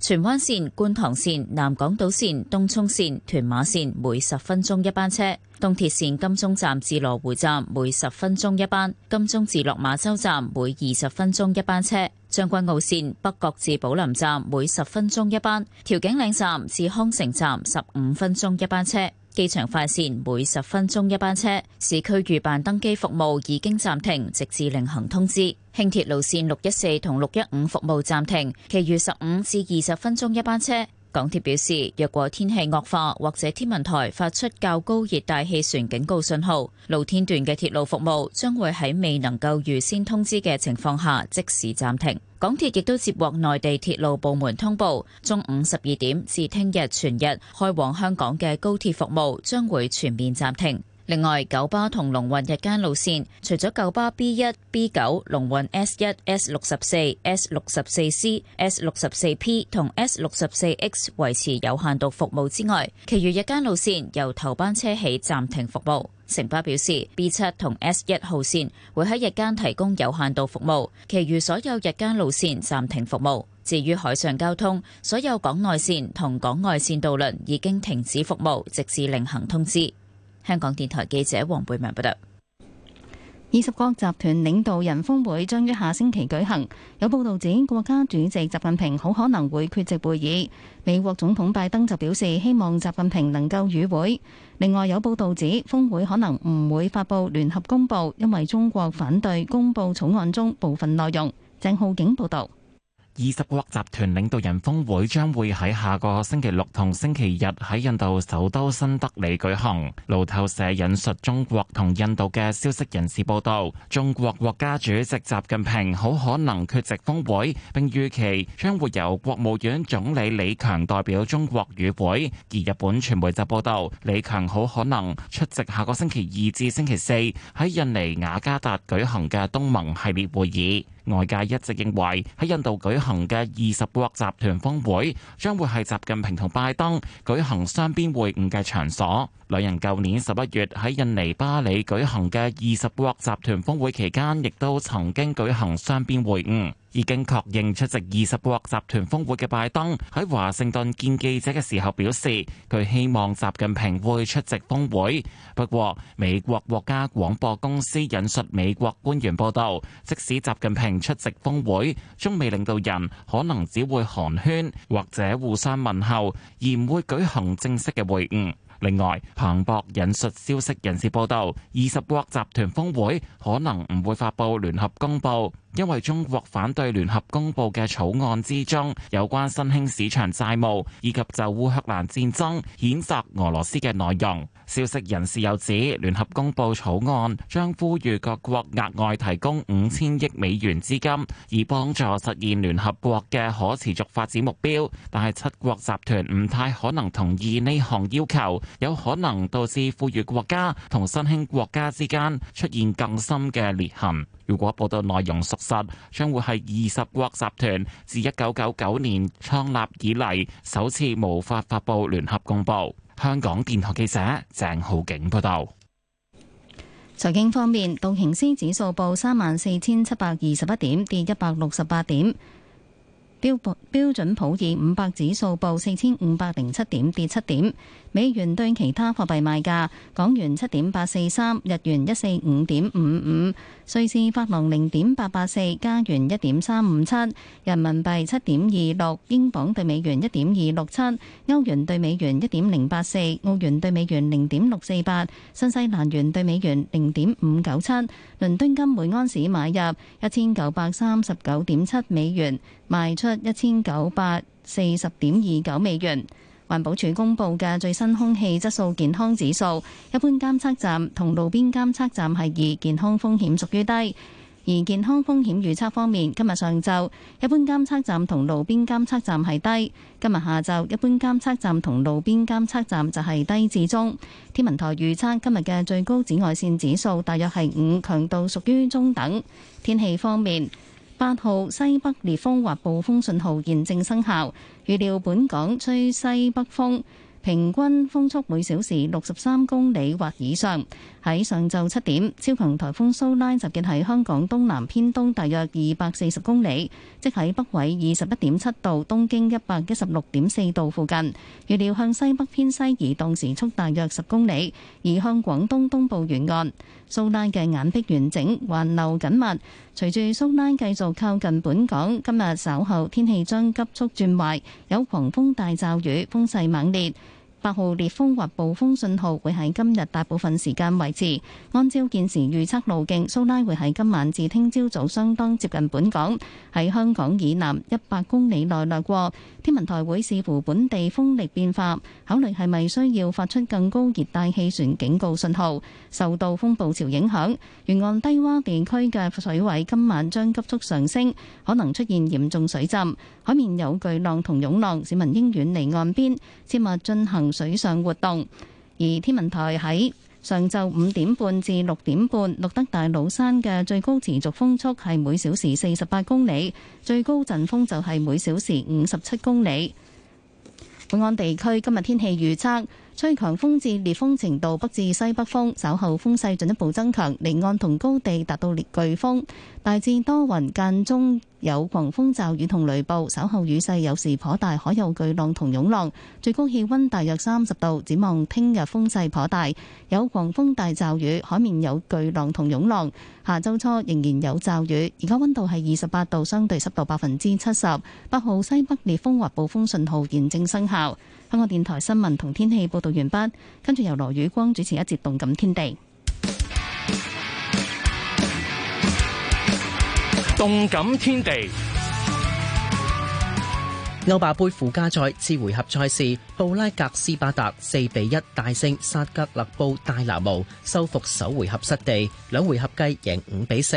荃灣綫、觀塘綫、南港島綫、東涌綫、屯馬綫每十分鐘一班車；東鐵綫金鐘站至羅湖站每十分鐘一班，金鐘至落馬洲站每二十分鐘一班車；將軍澳綫、北角至寶林站每十分鐘一班，調景嶺站至康城站十五分鐘一班車。機場快綫每十分鐘一班車，市區預辦登機服務已經暫停，直至另行通知。輕鐵路綫六一四同六一五服務暫停，其餘十五至二十分鐘一班車。港鐵表示，若果天氣惡化或者天文台發出較高熱帶氣旋警告信號，露天段嘅鐵路服務將會喺未能夠預先通知嘅情況下即時暫停。港鐵亦都接獲內地鐵路部門通報，中午十二點至聽日全日開往香港嘅高鐵服務將會全面暫停。另外，九巴同龍運日間路線，除咗九巴 B 一、B 九、龍運 S 一、S 六十四、S 六十四 C、S 六十四 P 同 S 六十四 X 維持有限度服務之外，其餘日間路線由頭班車起暫停服務。城巴表示，B 七同 S 一號線會喺日間提供有限度服務，其餘所有日間路線暫停服務。至於海上交通，所有港內線同港外線渡輪已經停止服務，直至另行通知。香港電台記者黃貝文報道。二十國集團領導人峰會將於下星期舉行，有報導指國家主席習近平好可能會缺席會議。美國總統拜登就表示希望習近平能夠與會。另外有報導指峰會可能唔會發布聯合公報，因為中國反對公佈草案中部分內容。鄭浩景報導。二十國集團領導人峰會將會喺下個星期六同星期日喺印度首都新德里舉行。路透社引述中國同印度嘅消息人士報道，中國國家主席習近平好可能缺席峰會，並預期將會由國務院總理李強代表中國與會。而日本傳媒就報道，李強好可能出席下個星期二至星期四喺印尼雅加達舉行嘅東盟系列會議。外界一直認為喺印度舉行嘅二十國集團峰會將會係習近平同拜登舉行雙邊會晤嘅場所。兩人舊年十一月喺印尼巴里舉行嘅二十國集團峰會期間，亦都曾經舉行雙邊會晤。已經確認出席二十國集團峰會嘅拜登喺華盛頓見記者嘅時候表示，佢希望習近平會出席峰會。不過，美國國家廣播公司引述美國官員報道，即使習近平出席峰會，中美領導人可能只會寒暄或者互相問候，而唔會舉行正式嘅會晤。另外，彭博引述消息人士報道，二十國集團峰會可能唔會發佈聯合公佈。因為中國反對聯合公佈嘅草案之中有關新興市場債務以及就烏克蘭戰爭譴責俄羅斯嘅內容，消息人士又指，聯合公佈草案將呼籲各國額外提供五千億美元資金，以幫助實現聯合國嘅可持續發展目標。但係七國集團唔太可能同意呢項要求，有可能導致富裕國家同新興國家之間出現更深嘅裂痕。如果報道內容屬，實將會係二十國集團自一九九九年創立以嚟首次無法發布聯合公布。香港電台記者鄭浩景報道。財經方面，道瓊斯指數報三萬四千七百二十一點，跌一百六十八點；標普標準普爾五百指數報四千五百零七點，跌七點。美元對其他貨幣賣價：港元七點八四三，日元一四五點五五，瑞士法郎零點八八四，加元一點三五七，人民幣七點二六，英鎊對美元一點二六七，歐元對美元一點零八四，澳元對美元零點六四八，新西蘭元對美元零點五九七。倫敦金每盎司買入一千九百三十九點七美元，賣出一千九百四十點二九美元。環保署公布嘅最新空氣質素健康指數，一般監測站同路邊監測站係二，健康風險屬於低。而健康風險預測方面，今日上晝一般監測站同路邊監測站係低，今日下晝一般監測站同路邊監測站就係低至中。天文台預測今日嘅最高紫外線指數大約係五，強度屬於中等。天氣方面。八號西北烈風或暴風信號現正生效，預料本港吹西北風，平均風速每小時六十三公里或以上。喺上晝七點，超強颱風蘇拉集結喺香港東南偏東大約二百四十公里，即喺北緯二十一點七度、東經一百一十六點四度附近。預料向西北偏西移動，時速大約十公里，而向廣東東部沿岸。蘇拉嘅眼壁完整，環流緊密。隨住蘇拉繼續靠近本港，今日稍後天氣將急速轉壞，有狂風大驟雨，風勢猛烈，八號烈風或暴風信號會喺今日大部分時間維持。按照現時預測路徑，蘇拉會喺今晚至聽朝早相當接近本港，喺香港以南一百公里內掠過。天文台會視乎本地風力變化，考慮係咪需要發出更高熱帶氣旋警告信號。受到風暴潮影響，沿岸低窪地區嘅水位今晚將急速上升，可能出現嚴重水浸。海面有巨浪同湧浪，市民應遠離岸邊，切勿進行水上活動。而天文台喺上晝五點半至六點半，錄得大老山嘅最高持續風速係每小時四十八公里，最高陣風就係每小時五十七公里。本港地區今日天氣預測。吹強風至烈風程度，北至西北風，稍後風勢進一步增強，離岸同高地達到烈颶風。大致多雲間中有狂風驟雨同雷暴，稍後雨勢有時頗大，海有巨浪同湧浪。最高氣溫大約三十度。展望聽日風勢頗大，有狂風大驟雨，海面有巨浪同湧浪。下周初仍然有驟雨。而家溫度係二十八度，相對濕度百分之七十。八號西北烈風或暴風信號現正生效。香港電台新聞同天氣報道完畢，跟住由羅宇光主持一節《動感天地》。《動感天地》歐霸杯附加賽次回合賽事，布拉格斯巴達四比一大勝薩格勒布大拿姆，收復首回合失地，兩回合計贏五比四。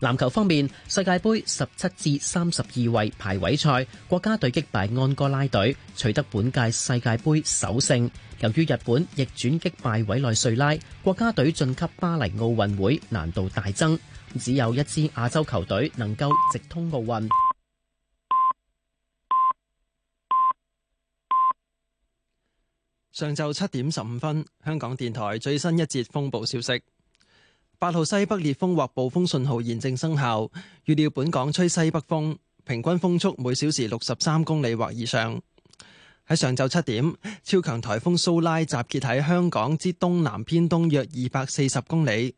籃球方面，世界杯十七至三十二位排位賽，國家隊擊敗安哥拉隊，取得本屆世界杯首勝。由於日本逆轉擊敗委內瑞拉，國家隊晉級巴黎奧運會難度大增，只有一支亞洲球隊能夠直通奧運。上晝七點十五分，香港電台最新一節風暴消息。八號西北烈風或暴風信號現正生效，預料本港吹西北風，平均風速每小時六十三公里或以上。喺上晝七點，超強台風蘇拉集結喺香港之東南偏東約二百四十公里，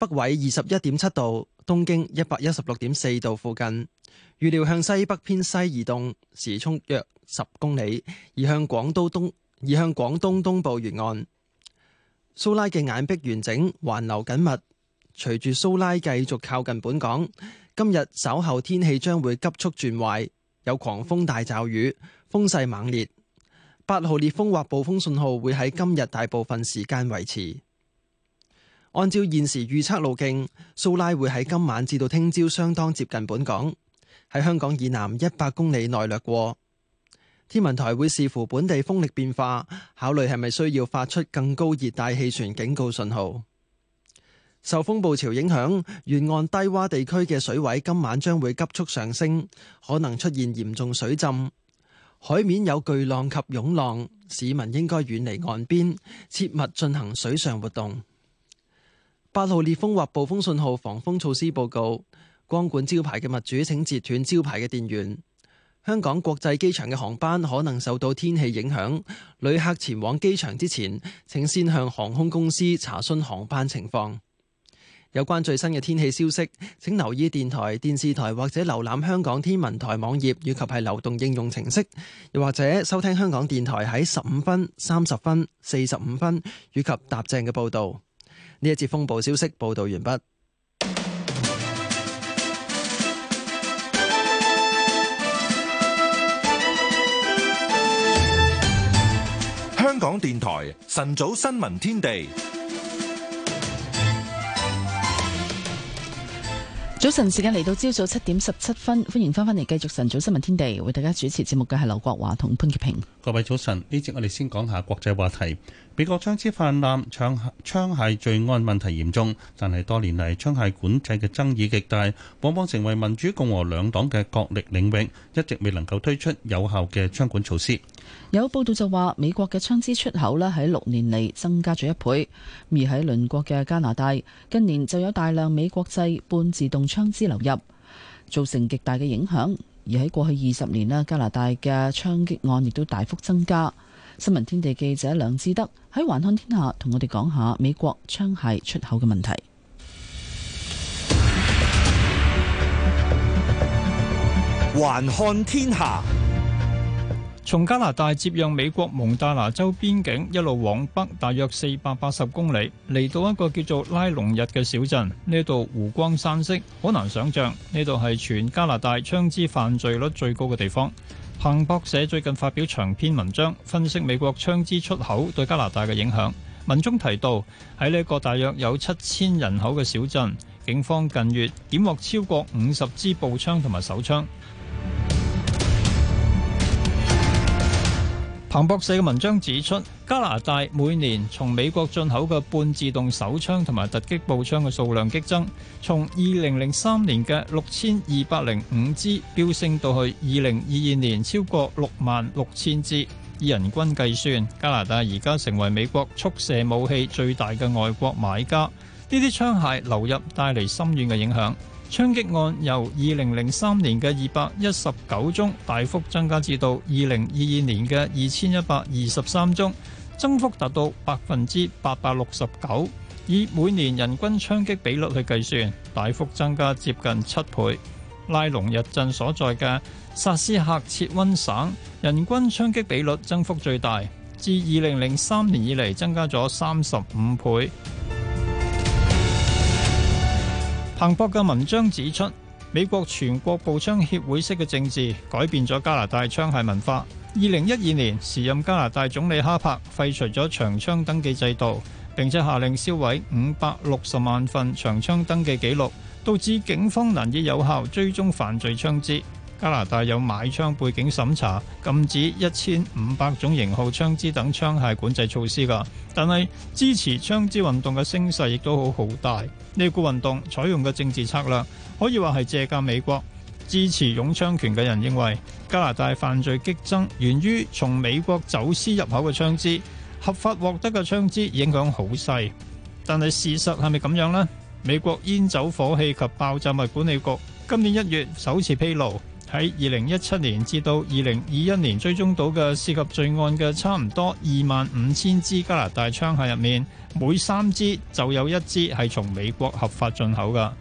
北緯二十一點七度，東經一百一十六點四度附近。預料向西北偏西移動，時速約十公里，移向廣都東，移向廣東東部沿岸。蘇拉嘅眼壁完整，環流緊密。隨住蘇拉繼續靠近本港，今日稍後天氣將會急速轉壞，有狂風大驟雨，風勢猛烈。八號烈風或暴風信號會喺今日大部分時間維持。按照現時預測路徑，蘇拉會喺今晚至到聽朝相當接近本港，喺香港以南一百公里內掠過。天文台會視乎本地風力變化，考慮係咪需要發出更高熱帶氣旋警告信號。受風暴潮影響，沿岸低窪地區嘅水位今晚將會急速上升，可能出現嚴重水浸。海面有巨浪及湧浪，市民應該遠離岸邊，切勿進行水上活動。八號烈風或暴風信號，防風措施報告。光管招牌嘅物主，請截斷招牌嘅電源。香港國際機場嘅航班可能受到天氣影響，旅客前往機場之前，請先向航空公司查詢航班情況。有關最新嘅天氣消息，請留意電台、電視台或者瀏覽香港天文台網頁，以及係流動應用程式，又或者收聽香港電台喺十五分、三十分、四十五分以及踏正嘅報道。呢一節風暴消息報道完畢。香港電台晨早新聞天地。早晨時間嚟,到朝早七點十七分，歡迎翻返嚟繼續晨早新聞天地，為大家主持節目嘅係劉國華同潘潔平。各位早晨，呢節我哋先講下國際話題。美國槍支泛濫，槍槍械罪案問題嚴重，但係多年嚟槍械管制嘅爭議極大，往往成為民主共和兩黨嘅角力領域，一直未能夠推出有效嘅槍管措施。有報道就話，美國嘅槍支出口咧喺六年嚟，增加咗一倍，而喺鄰國嘅加拿大，近年就有大量美國製半自動槍支流入，造成極大嘅影響。而喺過去二十年啊，加拿大嘅槍擊案亦都大幅增加。新聞天地記者梁志德喺環看天下同我哋講下美國槍械出口嘅問題。環看天下。從加拿大接壤美國蒙大拿州邊境一路往北，大約四百八十公里，嚟到一個叫做拉龍日嘅小鎮。呢度湖光山色，好難想象呢度係全加拿大槍支犯罪率最高嘅地方。彭博社最近發表長篇文章，分析美國槍支出口對加拿大嘅影響。文中提到，喺呢個大約有七千人口嘅小鎮，警方近月檢獲超過五十支步槍同埋手槍。彭博社嘅文章指出，加拿大每年從美國進口嘅半自動手槍同埋突擊步槍嘅數量激增，從二零零三年嘅六千二百零五支飆升到去二零二二年超過六萬六千支，以人均計算，加拿大而家成為美國速射武器最大嘅外國買家。呢啲槍械流入帶嚟深遠嘅影響。槍擊案由二零零三年嘅二百一十九宗大幅增加至到二零二二年嘅二千一百二十三宗，增幅達到百分之八百六十九。以每年人均槍擊比率去計算，大幅增加接近七倍。拉隆日鎮所在嘅薩斯喀徹溫省，人均槍擊比率增幅最大，自二零零三年以嚟增加咗三十五倍。彭博嘅文章指出，美國全國步槍協會式嘅政治改變咗加拿大槍械文化。二零一二年，時任加拿大總理哈珀廢除咗長槍登記制度，並且下令銷毀五百六十萬份長槍登記記錄，導致警方難以有效追蹤犯罪槍支。加拿大有買槍背景審查，禁止一千五百種型號槍支等槍械管制措施㗎。但係支持槍支運動嘅聲勢亦都好好大。呢股運動採用嘅政治策略可以話係借鑑美國，支持擁槍權嘅人認為，加拿大犯罪激增源於從美國走私入口嘅槍支，合法獲得嘅槍支影響好細。但係事實係咪咁樣呢？美國煙酒火器及爆炸物管理局今年一月首次披露。喺二零一七年至到二零二一年追蹤到嘅涉及罪案嘅差唔多二萬五千支加拿大槍械入面，每三支就有一支係從美國合法進口噶。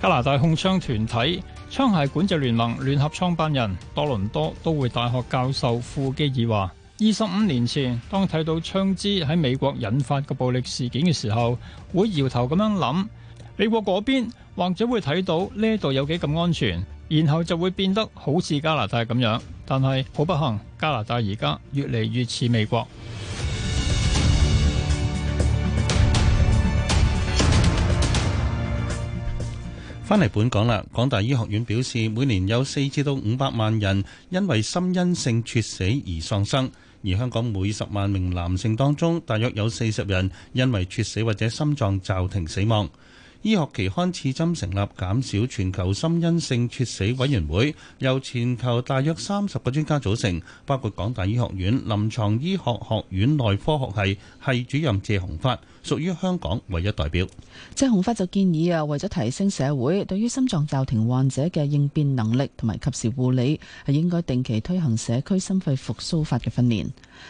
加拿大控槍團體槍械管制聯盟聯合創辦人多倫多都會大學教授庫基爾話：二十五年前，當睇到槍支喺美國引發個暴力事件嘅時候，會搖頭咁樣諗。美國嗰邊或者會睇到呢度有幾咁安全，然後就會變得好似加拿大咁樣。但係好不幸，加拿大而家越嚟越似美國。返嚟本港啦，港大醫學院表示，每年有四至到五百萬人因為心因性猝死而喪生，而香港每十萬名男性當中，大約有四十人因為猝死或者心臟驟停死亡。醫學期刊刺針成立減少全球心因性猝死委員會，由全球大約三十個專家組成，包括港大醫學院臨床醫學學院內科學系系主任謝鴻發，屬於香港唯一代表。謝鴻發就建議啊，為咗提升社會對於心臟驟停患者嘅應變能力同埋及時護理，係應該定期推行社區心肺復甦法嘅訓練。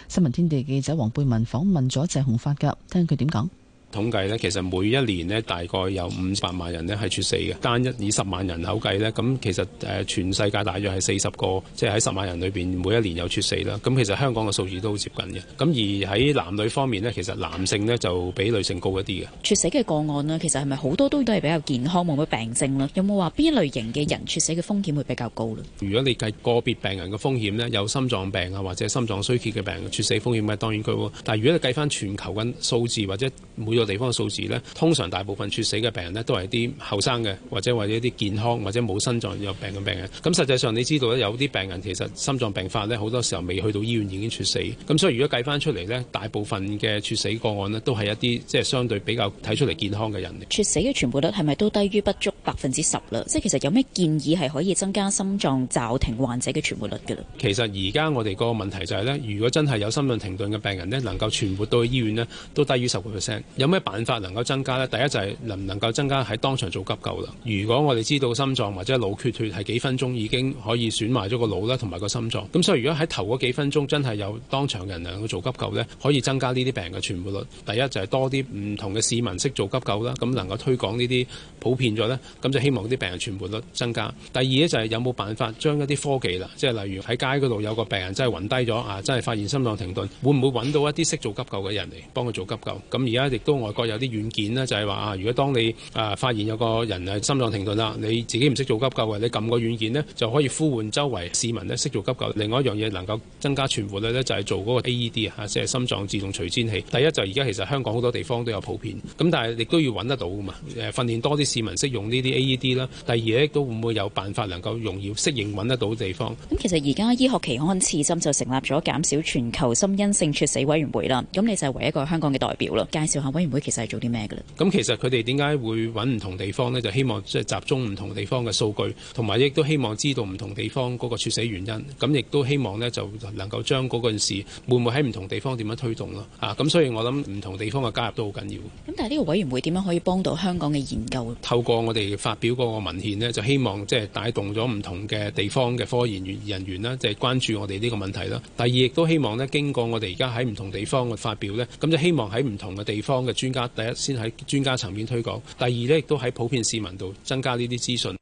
新聞天地記者黃貝文訪問咗謝鴻發噶，聽佢點講。統計呢，其實每一年呢，大概有五百萬人呢係猝死嘅。單一以十萬人口計呢，咁其實誒、呃、全世界大約係四十個，即係喺十萬人裏邊每一年有猝死啦。咁其實香港嘅數字都好接近嘅。咁而喺男女方面呢，其實男性呢就比女性高一啲嘅。猝死嘅個案呢，其實係咪好多都都係比較健康，冇乜病症咧？有冇話邊類型嘅人猝死嘅風險會比較高咧？如果你計個別病人嘅風險呢，有心臟病啊或者心臟衰竭嘅病，猝死風險咧當然高。但係如果你計翻全球嘅數字或者每，個地方嘅數字呢，通常大部分猝死嘅病人呢，都係啲後生嘅，或者或者一啲健康或者冇心臟有病嘅病人。咁實際上你知道咧，有啲病人其實心臟病發呢，好多時候未去到醫院已經猝死。咁所以如果計翻出嚟呢，大部分嘅猝死個案呢，都係一啲即係相對比較睇出嚟健康嘅人。猝死嘅存活率係咪都低於不足百分之十啦？即係其實有咩建議係可以增加心臟驟停患者嘅存活率嘅？其實而家我哋個問題就係、是、呢：如果真係有心臟停頓嘅病人呢，能夠存活到去醫院呢，都低於十個 percent。有咩辦法能夠增加呢？第一就係能唔能夠增加喺當場做急救啦。如果我哋知道心臟或者腦缺血係幾分鐘已經可以損壞咗個腦啦同埋個心臟。咁、嗯、所以如果喺頭嗰幾分鐘真係有當場人能夠做急救呢，可以增加呢啲病嘅存活率。第一就係多啲唔同嘅市民識做急救啦，咁能夠推廣呢啲普遍咗呢，咁就希望啲病人存活率增加。第二呢就係有冇辦法將一啲科技啦，即係例如喺街嗰度有個病人真係暈低咗啊，真係發現心臟停頓，會唔會揾到一啲識做急救嘅人嚟幫佢做急救？咁而家亦都。外國有啲軟件呢就係話啊，如果當你啊發現有個人係心臟停頓啦，你自己唔識做急救嘅，你撳個軟件呢，就可以呼喚周圍市民咧識做急救。另外一樣嘢能夠增加存活率呢，就係做嗰個 AED 啊，即係心臟自動除顫器。第一就而家其實香港好多地方都有普遍，咁但係亦都要揾得到噶嘛。誒訓練多啲市民識用呢啲 AED 啦。第二咧都會唔會有辦法能夠容易適應揾得到地方？咁其實而家醫學期刊《刺針》就成立咗減少全球心因性猝死委員會啦。咁你就係唯一一個香港嘅代表啦。介紹下會其實係做啲咩嘅咧？咁其實佢哋點解會揾唔同地方呢？就希望即係集中唔同地方嘅數據，同埋亦都希望知道唔同地方嗰個猝死原因。咁亦都希望呢，就能夠將嗰件事會唔會喺唔同地方點樣推動咯？啊，咁所以我諗唔同地方嘅加入都好緊要。咁但係呢個委員會點樣可以幫到香港嘅研究？透過我哋發表嗰個文獻呢，就希望即係帶動咗唔同嘅地方嘅科研人員呢，即係關注我哋呢個問題啦。第二亦都希望呢，經過我哋而家喺唔同地方嘅發表呢，咁就希望喺唔同嘅地方嘅。專家第一先喺專家層面推廣，第二呢亦都喺普遍市民度增加呢啲資訊。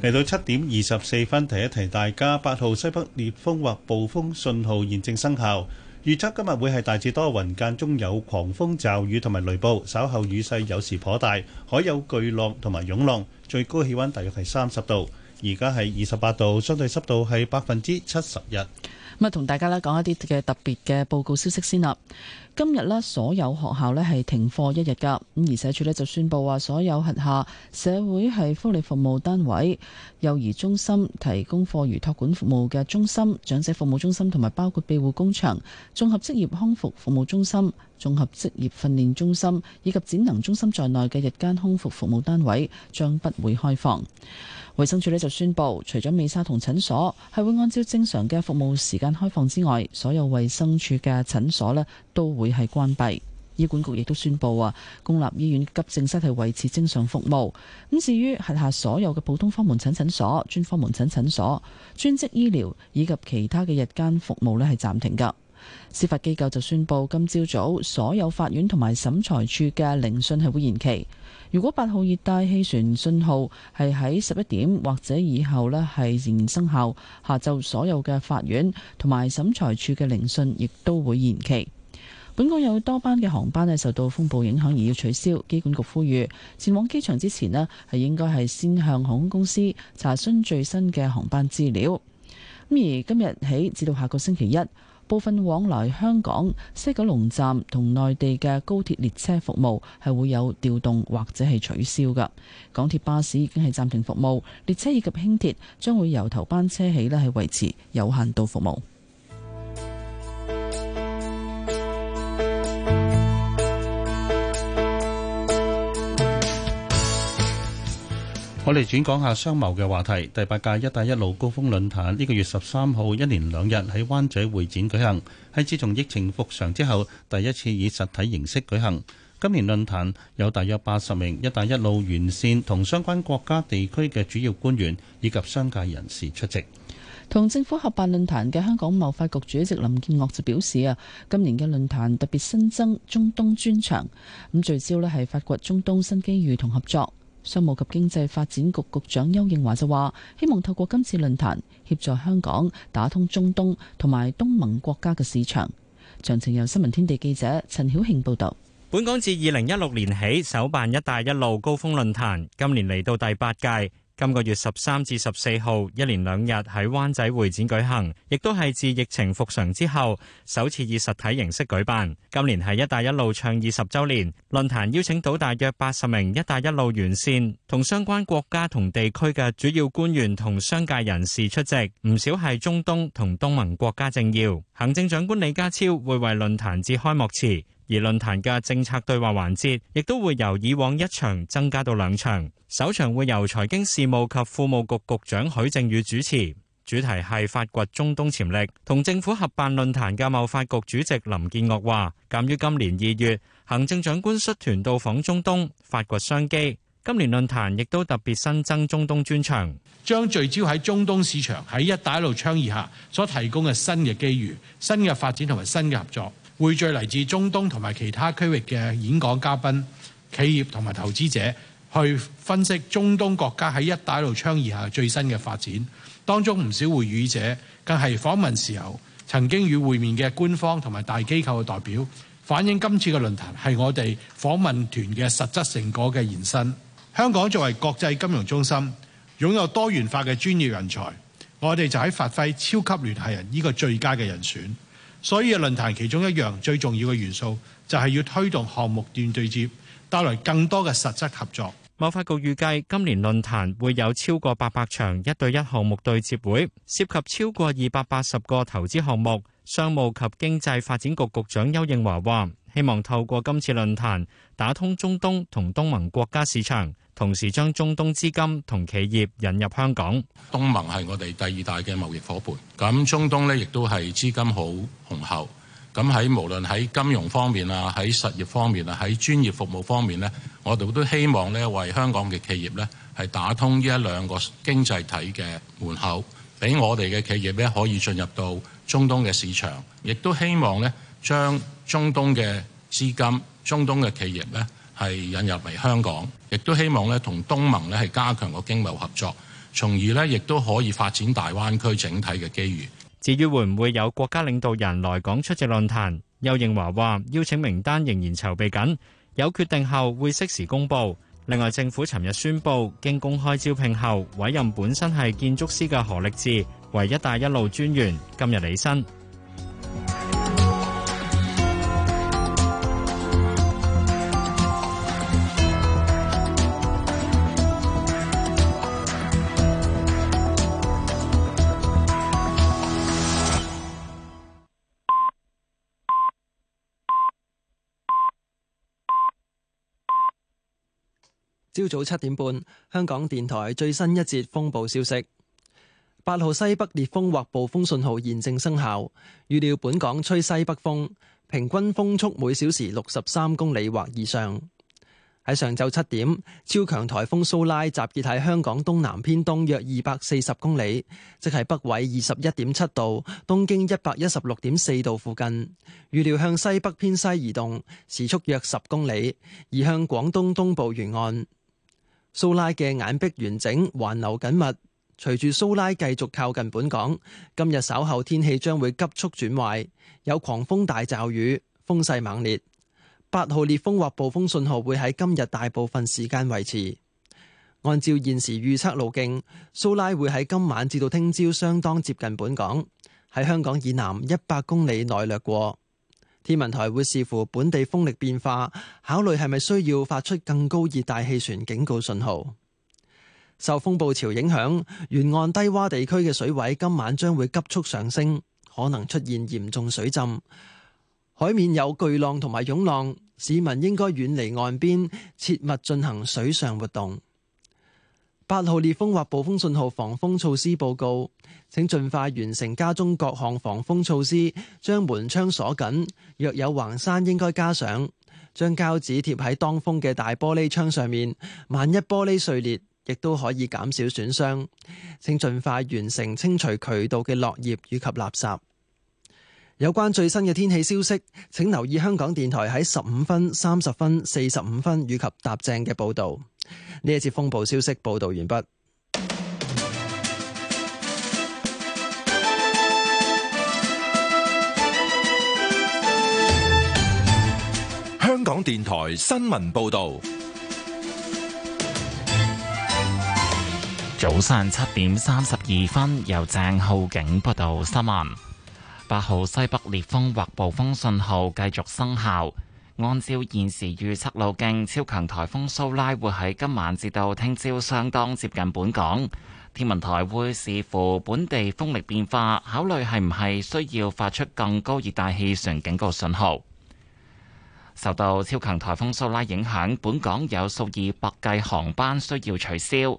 嚟到七點二十四分，提一提大家，八號西北烈風或暴風信號現正生效。預測今日會係大致多雲，間中有狂風驟雨同埋雷暴，稍後雨勢有時頗大，海有巨浪同埋湧浪，最高氣温大約係三十度。而家係二十八度，相對濕度係百分之七十。一咁啊，同、嗯、大家咧講一啲嘅特別嘅報告消息先啦。今日呢，所有學校咧係停課一日噶。咁，而社署呢，就宣布話，所有轄下社會係福利服務單位、幼兒中心提供課餘託管服務嘅中心、長者服務中心，同埋包括庇護工場、綜合職業康復服，服，服務中心、綜合職業訓練中心以及展能中心在內嘅日間康復服務單位將不會開放。衛生署咧就宣布，除咗美沙酮診所係會按照正常嘅服務時間開放之外，所有衛生署嘅診所咧都會係關閉。醫管局亦都宣布啊，公立醫院急症室係維持正常服務。咁至於轄下所有嘅普通科門診診所、專科門診診所、專職醫療以及其他嘅日間服務呢係暫停㗎。司法機構就宣布，今朝早，早所有法院同埋審裁處嘅聆訊係會延期。如果八號熱帶氣旋信號係喺十一點或者以後呢係仍然生效，下晝所有嘅法院同埋審裁處嘅聆訊亦都會延期。本港有多班嘅航班呢受到風暴影響而要取消，機管局呼籲前往機場之前呢，係應該係先向航空公司查詢最新嘅航班資料。咁而今日起至到下個星期一。部分往來香港西九龍站同內地嘅高鐵列車服務係會有調動或者係取消㗎，港鐵巴士已經係暫停服務，列車以及輕鐵將會由頭班車起呢係維持有限度服務。我哋轉講下商貿嘅話題。第八屆一帶一路高峰論壇呢、這個月十三號一連兩日喺灣仔會展舉行，係自從疫情復常之後第一次以實體形式舉行。今年論壇有大約八十名一帶一路沿線同相關國家地區嘅主要官員以及商界人士出席。同政府合辦論壇嘅香港貿發局主席林建岳就表示啊，今年嘅論壇特別新增中東專場，咁聚焦呢係發掘中東新機遇同合作。商務及經濟發展局局長邱應華就話，希望透過今次論壇，協助香港打通中東同埋東盟國家嘅市場。詳情由新聞天地記者陳曉慶報道。本港自二零一六年起首辦“一帶一路”高峰論壇，今年嚟到第八屆。今個月十三至十四號一連兩日喺灣仔會展舉行，亦都係自疫情復常之後首次以實體形式舉辦。今年係一帶一路倡議十周年論壇，邀請到大約八十名一帶一路沿線同相關國家同地區嘅主要官員同商界人士出席，唔少係中東同東盟國家政要。行政長官李家超會為論壇致開幕詞。而論壇嘅政策對話環節，亦都會由以往一場增加到兩場。首場會由財經事務及庫務局局長許正宇主持，主題係發掘中東潛力。同政府合辦論壇嘅貿發局主席林建岳話，鑑於今年二月行政長官率團到訪中東，發掘商機，今年論壇亦都特別新增中東專場，將聚焦喺中東市場喺一帶一路倡議下所提供嘅新嘅機遇、新嘅發展同埋新嘅合作。匯聚嚟自中東同埋其他區域嘅演講嘉賓、企業同埋投資者，去分析中東國家喺一帶一路倡議下最新嘅發展。當中唔少會議者更係訪問時候曾經與會面嘅官方同埋大機構嘅代表，反映今次嘅論壇係我哋訪問團嘅實質成果嘅延伸。香港作為國際金融中心，擁有多元化嘅專業人才，我哋就喺發揮超級聯繫人呢個最佳嘅人選。所以，論壇其中一樣最重要嘅元素，就係要推動項目段對接，帶來更多嘅實質合作。貿發局預計今年論壇會有超過八百場一對一項目對接會，涉及超過二百八十個投資項目。商務及經濟發展局局長邱應華話，希望透過今次論壇，打通中東同東盟國家市場。同時將中東資金同企業引入香港。東盟係我哋第二大嘅貿易夥伴，咁中東咧亦都係資金好雄厚。咁喺無論喺金融方面啊，喺實業方面啊，喺專業服務方面咧，我哋都希望咧為香港嘅企業咧係打通呢一兩個經濟體嘅門口，俾我哋嘅企業咧可以進入到中東嘅市場，亦都希望咧將中東嘅資金、中東嘅企業咧，係引入嚟香港，亦都希望咧同東盟咧係加強個經貿合作，從而咧亦都可以發展大灣區整體嘅機遇。至於會唔會有國家領導人來港出席論壇？邱應樺話：邀請名單仍然籌備緊，有決定後會適時公佈。另外，政府尋日宣布，經公開招聘後委任本身係建築師嘅何力治為「一帶一路」專員，今日履新。朝早七點半，香港電台最新一節風暴消息：八號西北烈風或暴風信號現正生效，預料本港吹西北風，平均風速每小時六十三公里或以上。喺上晝七點，超強台風蘇拉集結喺香港東南偏東約二百四十公里，即係北緯二十一點七度、東經一百一十六點四度附近。預料向西北偏西移動，時速約十公里，移向廣東東部沿岸。蘇拉嘅眼壁完整，環流緊密。隨住蘇拉繼續靠近本港，今日稍後天氣將會急速轉壞，有狂風大驟雨，風勢猛烈。八號烈風或暴風信號會喺今日大部分時間維持。按照現時預測路徑，蘇拉會喺今晚至到聽朝相當接近本港，喺香港以南一百公里內掠過。天文台會視乎本地風力變化，考慮係咪需要發出更高熱帶氣旋警告信號。受風暴潮影響，沿岸低洼地區嘅水位今晚將會急速上升，可能出現嚴重水浸。海面有巨浪同埋湧浪，市民應該遠離岸邊，切勿進行水上活動。八號烈風或暴風信號防風措施報告，請盡快完成家中各項防風措施，將門窗鎖緊。若有橫閂，應該加上。將膠紙貼喺當風嘅大玻璃窗上面，萬一玻璃碎裂，亦都可以減少損傷。請盡快完成清除渠道嘅落葉以及垃圾。有關最新嘅天氣消息，請留意香港電台喺十五分、三十分、四十五分以及搭正嘅報道。呢一次風暴消息報道完畢。香港電台新聞報道，早上七點三十二分，由鄭浩景報道新聞。八號西北烈風或暴風信號繼續生效。按照現時預測路徑，超強颱風蘇拉會喺今晚至到聽朝相當接近本港，天文台會視乎本地風力變化，考慮係唔係需要發出更高熱帶氣旋警告信號。受到超強颱風蘇拉影響，本港有數以百計航班需要取消，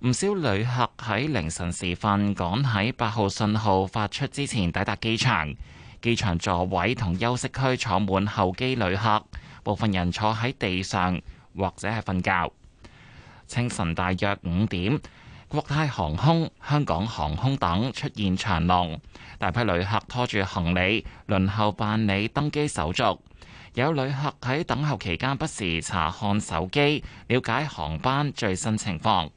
唔少旅客喺凌晨時分趕喺八號信號發出之前抵達機場。機場座位同休息區坐滿候機旅客，部分人坐喺地上或者係瞓覺。清晨大約五點，國泰航空、香港航空等出現長龍，大批旅客拖住行李輪候辦理登機手續。有旅客喺等候期間不時查看手機，了解航班最新情況。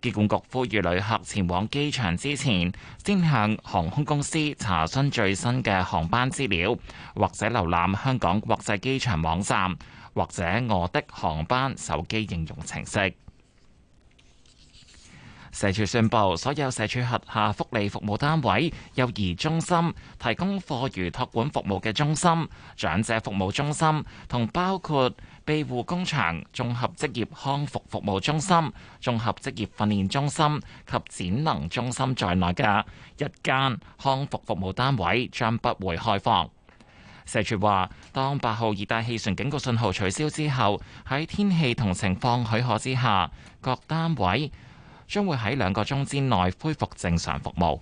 機管局呼籲旅客前往機場之前，先向航空公司查詢最新嘅航班資料，或者瀏覽香港國際機場網站，或者我的航班手機應用程式。社署宣布，所有社署轄下福利服務單位、幼兒中心、提供課餘託管服務嘅中心、長者服務中心同包括庇護工場、綜合職業康復服務中心、綜合職業訓練中心及展能中心在內嘅日間康復服務單位將不會開放。社署話，當八號熱帶氣旋警告信號取消之後，喺天氣同情況許可之下，各單位將會喺兩個鐘之內恢復正常服務。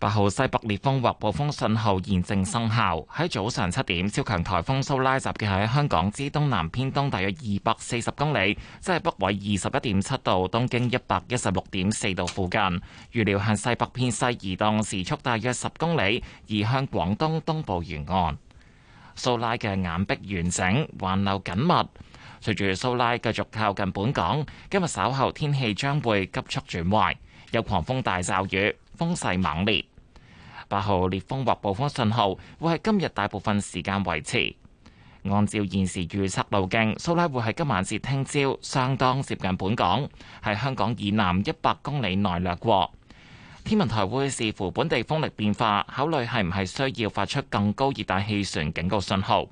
八號西北烈風或暴風信號現正生效。喺早上七點，超強颱風蘇拉集結喺香港之東南偏東，大約二百四十公里，即係北緯二十一點七度、東經一百一十六點四度附近。預料向西北偏西移動，時速大約十公里，移向廣東東部沿岸。蘇拉嘅眼壁完整，環流緊密。隨住蘇拉繼續靠近本港，今日稍後天氣將會急速轉壞，有狂風大驟雨，風勢猛烈。八號烈風或暴風信號會喺今日大部分時間維持。按照現時預測路徑，蘇拉會喺今晚至聽朝相當接近本港，喺香港以南一百公里內掠過。天文台會視乎本地風力變化，考慮係唔係需要發出更高熱帶氣旋警告信號。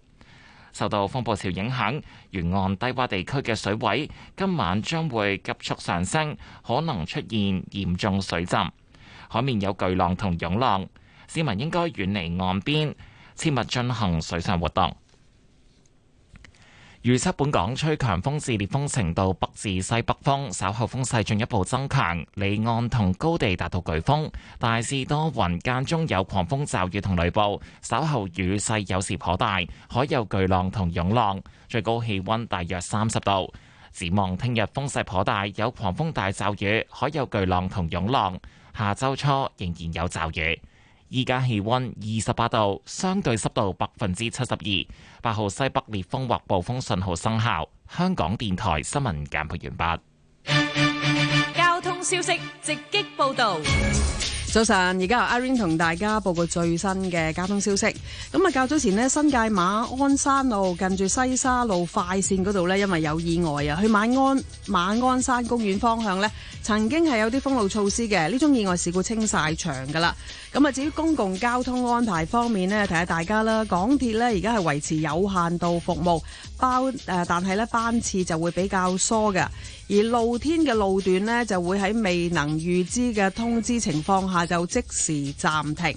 受到風暴潮影響，沿岸低洼地區嘅水位今晚將會急速上升，可能出現嚴重水浸。海面有巨浪同湧浪。市民應該遠離岸邊，切勿進行水上活動。預測本港吹強風至烈風程度，北至西北風，稍後風勢進一步增強，離岸同高地達到颶風。大致多雲，間中有狂風驟雨同雷暴，稍後雨勢有時頗大，海有巨浪同湧浪。最高氣温大約三十度。展望聽日風勢頗大，有狂風大驟雨，海有巨浪同湧浪。下周初仍然有驟雨。依家氣溫二十八度，相對濕度百分之七十二。八號西北烈風或暴風信號生效。香港電台新聞簡報完畢。交通消息直擊報道。早晨，而家由阿 Rain 同大家報告最新嘅交通消息。咁啊，較早前呢，新界馬鞍山路近住西沙路快線嗰度呢，因為有意外啊，去馬鞍馬鞍山公園方向呢，曾經係有啲封路措施嘅。呢種意外事故清晒場㗎喇。咁啊，至於公共交通安排方面咧，提下大家啦。港鐵咧而家係維持有限度服務，包括、呃，但係咧班次就會比較疏嘅。而露天嘅路段咧，就會喺未能預知嘅通知情況下就即時暫停。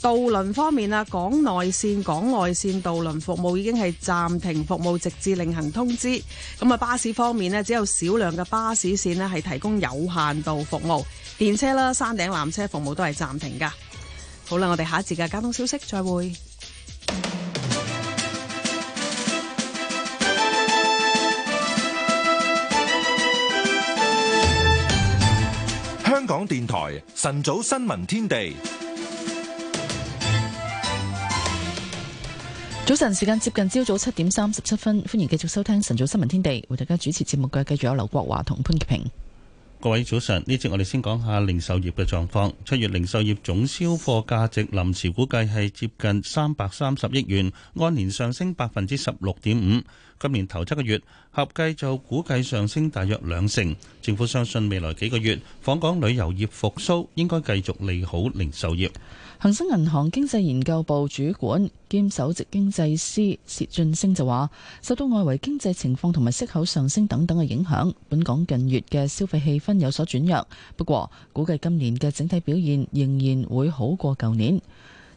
渡輪方面啊，港內線、港外線渡輪服務已經係暫停服務，直至另行通知。咁啊，巴士方面咧，只有少量嘅巴士線咧係提供有限度服務。電車啦、山頂纜車服務都係暫停㗎。好啦，我哋下一節嘅交通消息再會。香港電台晨早新聞天地，早晨時間接近朝早七點三十七分，歡迎繼續收聽晨早新聞天地，為大家主持節目嘅繼續有劉國華同潘潔平。各位早晨，呢節我哋先講下零售業嘅狀況，七月零售業總銷貨價值臨時估計係接近三百三十億元，按年上升百分之十六點五。今年頭七個月合計就估計上升大約兩成。政府相信未來幾個月，訪港旅遊業復蘇應該繼續利好零售業。恒生銀行經濟研究部主管兼首席經濟師薛俊升就話，受到外圍經濟情況同埋息口上升等等嘅影響，本港近月嘅消費氣氛有所轉弱。不過，估計今年嘅整體表現仍然會好過舊年。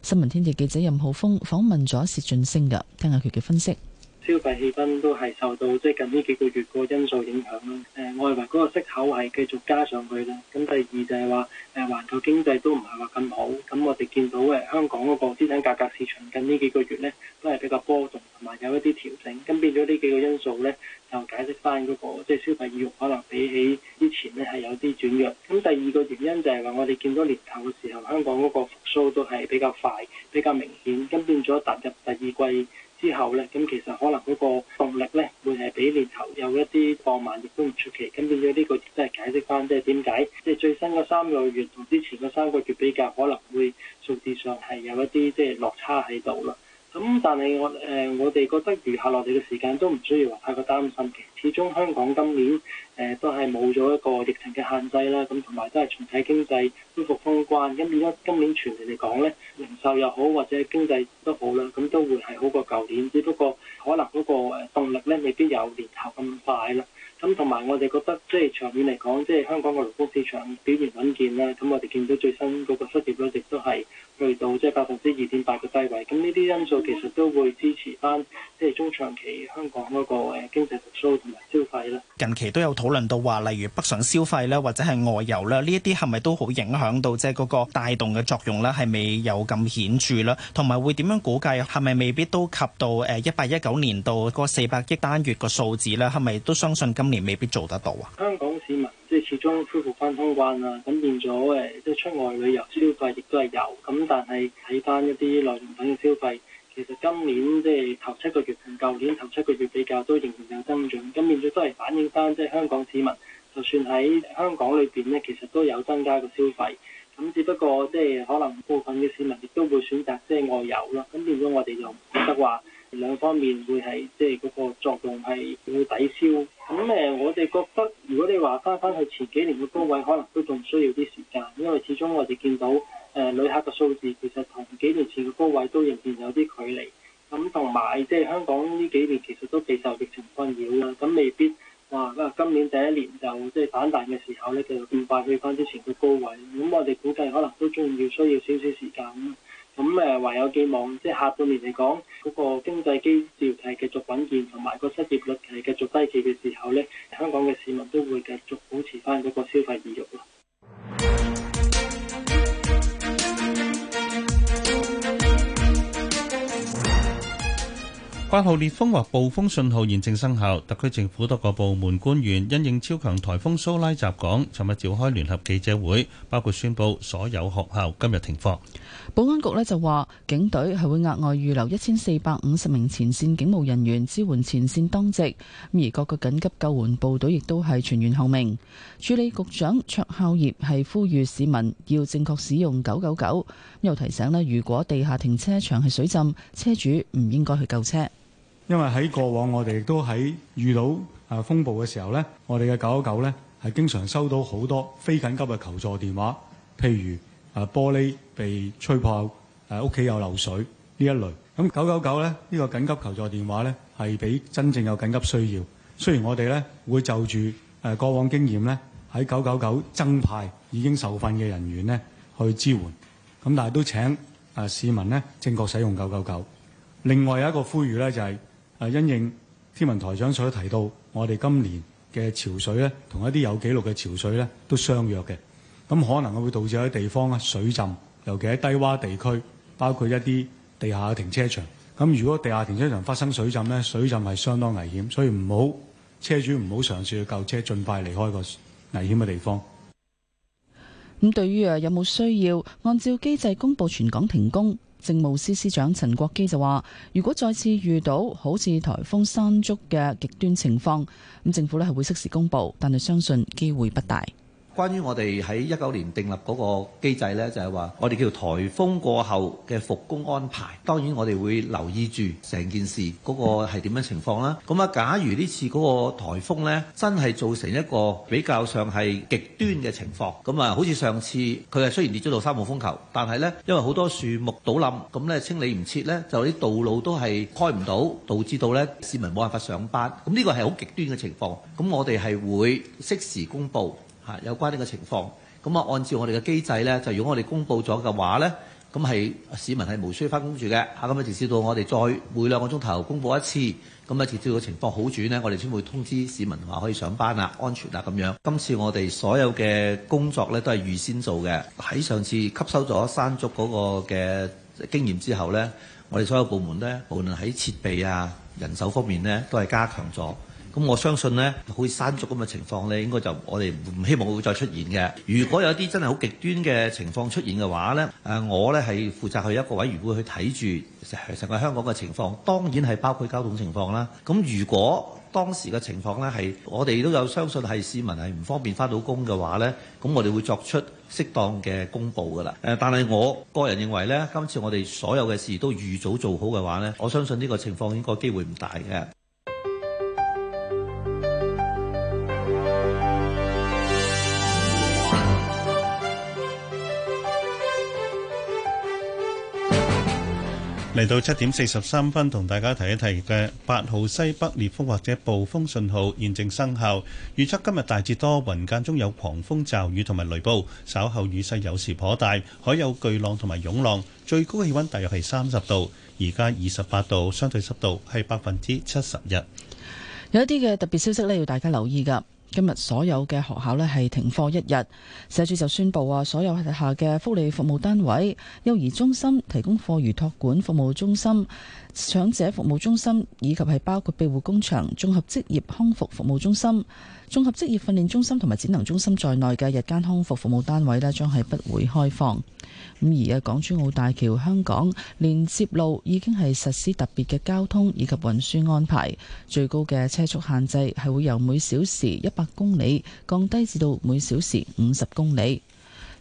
新聞天地記者任浩峰訪問咗薛俊升，噉聽下佢嘅分析。消費氣氛都係受到即係近呢幾個月個因素影響啦。誒，我認為嗰個息口係繼續加上去啦。咁第二就係話誒，環球經濟都唔係話咁好。咁我哋見到嘅香港嗰個資產價格市場近呢幾個月咧，都係比較波動同埋有一啲調整。咁變咗呢幾個因素咧，就解釋翻嗰、那個即係、就是、消費意欲可能比起之前咧係有啲轉弱。咁第二個原因就係、是、話我哋見到年頭嘅時候香港嗰個復甦都係比較快、比較明顯。咁變咗踏入第二季。之後咧，咁其實可能嗰個動力咧，會係比年頭有一啲放慢，亦都唔出奇。咁變咗呢個，即係解釋翻，即係點解即係最新嘅三個月同之前嘅三個月比較，可能會數字上係有一啲即係落差喺度啦。咁、嗯、但係我誒、呃，我哋覺得餘下落嚟嘅時間都唔需要話太過擔心嘅。始終香港今年誒、呃、都係冇咗一個疫情嘅限制啦，咁同埋都係全體經濟恢復通關。咁而家今年全年嚟講咧，零售又好或者經濟都好啦，咁、嗯、都會係好過舊年。只不過可能嗰個誒動力咧未必有年頭咁快啦。咁同埋我哋覺得即係長遠嚟講，即係香港嘅勞工市場表現穩健啦。咁、嗯、我哋見到最新嗰個失業率亦都係，去到即係百分之二點八嘅低位，咁呢啲因素其實都會支持翻，即係中長期香港嗰個誒經濟復甦同埋消費啦。近期都有討論到話，例如北上消費咧，或者係外遊啦，呢一啲係咪都好影響到即係嗰個帶動嘅作用咧？係未有咁顯著啦。同埋會點樣估計？係咪未必都及到誒一八一九年度嗰四百億單月個數字咧？係咪都相信今年未必做得到啊？香港市民。即始終恢復翻通關啦，咁變咗誒，即係出外旅遊消費亦都係有咁，但係睇翻一啲內容品嘅消費，其實今年即係頭七個月同舊年頭七個月比較都仍然有增長，咁變咗都係反映翻即係香港市民，就算喺香港裏邊咧，其實都有增加個消費，咁只不過即係可能部分嘅市民亦都會選擇即係外遊咯，咁變咗我哋就唔覺得話。兩方面會係即係嗰個作用係會抵消，咁誒我哋覺得如果你話返返去前幾年嘅高位，可能都仲需要啲時間，因為始終我哋見到誒、呃、旅客嘅數字其實同幾年前嘅高位都仍然有啲距離，咁同埋即係香港呢幾年其實都幾受疫情困擾啦，咁未必話，今年第一年就即係、就是、反彈嘅時候呢，就更快去返之前嘅高位，咁我哋估計可能都仲要需要少少時間。咁誒，還有寄望，即係下半年嚟講，嗰個經濟基調係繼續穩健，同埋個失業率係繼續低企嘅時候咧，香港嘅市民都會繼續保持翻嗰個消費意欲咯。八號烈風或暴風信號現正生效，特區政府多個部門官員因應超強颱風蘇拉襲港，尋日召開聯合記者會，包括宣布所有學校今日停課。保安局咧就話，警隊係會額外預留一千四百五十名前線警務人員支援前線當值。而各個緊急救援部隊亦都係全員候命。助理局長卓孝業係呼籲市民要正確使用九九九，又提醒咧，如果地下停車場係水浸，車主唔應該去救車。因為喺過往，我哋亦都喺遇到啊風暴嘅時候咧，我哋嘅999咧係經常收到好多非緊急嘅求助電話，譬如啊玻璃被吹破、誒屋企有漏水呢一類。咁999咧呢個緊急求助電話咧係俾真正有緊急需要。雖然我哋咧會就住誒過往經驗咧喺999增派已經受訓嘅人員咧去支援，咁但係都請啊市民咧正確使用999。另外有一個呼籲咧就係。誒因應天文台長所提到，我哋今年嘅潮水咧，同一啲有記錄嘅潮水咧，都相約嘅。咁可能會導致一啲地方咧水浸，尤其喺低窪地區，包括一啲地下嘅停車場。咁如果地下停車場發生水浸咧，水浸係相當危險，所以唔好車主唔好嘗試去救車，儘快離開個危險嘅地方。咁對於誒有冇需要按照機制公布全港停工？政務司司長陳國基就話，如果再次遇到好似颱風山竹嘅極端情況，咁政府呢係會適時公布，但係相信機會不大。關於我哋喺一九年訂立嗰個機制呢，就係話我哋叫做颱風過後嘅復工安排。當然，我哋會留意住成件事嗰個係點樣情況啦。咁啊，假如呢次嗰個颱風呢真係造成一個比較上係極端嘅情況，咁啊，好似上次佢係雖然跌咗到三號風球，但係呢，因為好多樹木倒冧，咁呢清理唔切呢，就啲道路都係開唔到，導致到呢市民冇辦法上班。咁呢個係好極端嘅情況，咁我哋係會適時公布。嚇，有關呢個情況，咁啊按照我哋嘅機制咧，就如果我哋公佈咗嘅話咧，咁係市民係無需返工住嘅。嚇，咁啊，直至到我哋再每兩個鐘頭公佈一次，咁啊，直至到情況好轉咧，我哋先會通知市民話可以上班啦、安全啦咁樣。今次我哋所有嘅工作咧都係預先做嘅。喺上次吸收咗山竹嗰個嘅經驗之後呢，我哋所有部門呢，無論喺設備啊、人手方面呢，都係加強咗。咁我相信呢，好似山竹咁嘅情況呢，應該就我哋唔希望會再出現嘅。如果有啲真係好極端嘅情況出現嘅話呢，誒、呃，我呢係負責去一個委員會去睇住成個香港嘅情況，當然係包括交通情況啦。咁如果當時嘅情況呢，係我哋都有相信係市民係唔方便翻到工嘅話呢，咁我哋會作出適當嘅公布噶啦。誒、呃，但係我個人認為呢，今次我哋所有嘅事都預早做好嘅話呢，我相信呢個情況應該機會唔大嘅。嚟到七點四十三分，同大家提一提嘅，八號西北烈風或者暴風信號現正生效。預測今日大致多雲間中有狂風驟雨同埋雷暴，稍後雨勢有時頗大，海有巨浪同埋湧浪。最高氣溫大約係三十度，而家二十八度，相對濕度係百分之七十一。有一啲嘅特別消息呢，要大家留意噶。今日所有嘅學校咧係停課一日，社署就宣布話、啊、所有下嘅福利服務單位，幼兒中心提供課餘托管服務中心。長者服務中心以及係包括庇護工場、綜合職業康復服務中心、綜合職業訓練中心同埋展能中心在內嘅日間康復服務單位咧，將係不會開放。咁而嘅港珠澳大橋、香港連接路已經係實施特別嘅交通以及運輸安排，最高嘅車速限制係會由每小時一百公里降低至到每小時五十公里。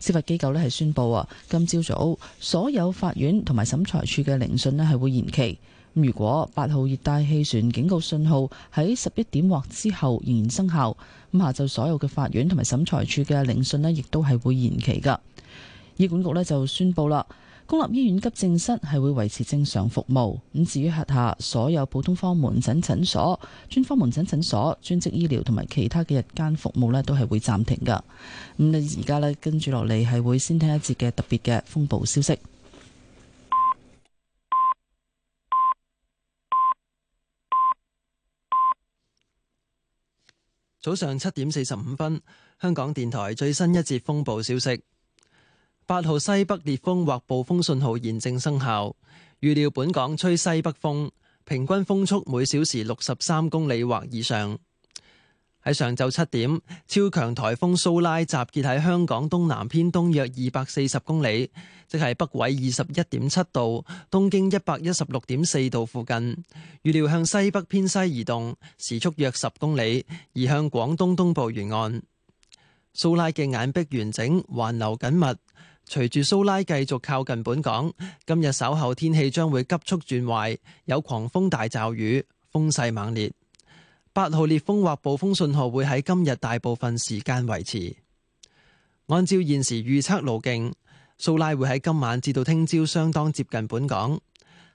司法機構呢係宣布啊，今朝早，早所有法院同埋審裁處嘅聆訊呢係會延期。咁如果八號熱帶氣旋警告信號喺十一點或之後仍然生效，咁下晝所有嘅法院同埋審裁處嘅聆訊呢亦都係會延期㗎。醫管局呢就宣布啦。公立醫院急症室係會維持正常服務，咁至於轄下所有普通科門診診所、專科門診診所、專職醫療同埋其他嘅日間服務咧，都係會暫停噶。咁而家咧跟住落嚟係會先聽一節嘅特別嘅風暴消息。早上七點四十五分，香港電台最新一節風暴消息。八號西北烈風或暴風信號現正生效，預料本港吹西北風，平均風速每小時六十三公里或以上。喺上晝七點，超強台風蘇拉集結喺香港東南偏東約二百四十公里，即係北緯二十一點七度，東經一百一十六點四度附近。預料向西北偏西移動，時速約十公里，移向廣東東，東部沿岸。蘇拉嘅眼壁完整，環流緊密。隨住蘇拉繼續靠近本港，今日稍後天氣將會急速轉壞，有狂風大驟雨，風勢猛烈。八號烈風或暴風信號會喺今日大部分時間維持。按照現時預測路徑，蘇拉會喺今晚至到聽朝相當接近本港，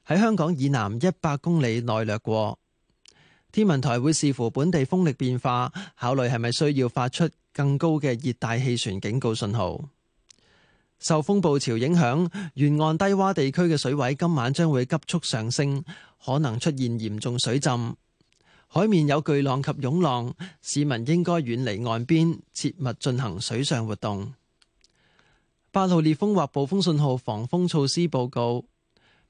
喺香港以南一百公里內掠過。天文台會視乎本地風力變化，考慮係咪需要發出更高嘅熱帶氣旋警告信號。受風暴潮影響，沿岸低洼地區嘅水位今晚將會急速上升，可能出現嚴重水浸。海面有巨浪及湧浪，市民應該遠離岸邊，切勿進行水上活動。八號烈風或暴風信號，防風措施報告。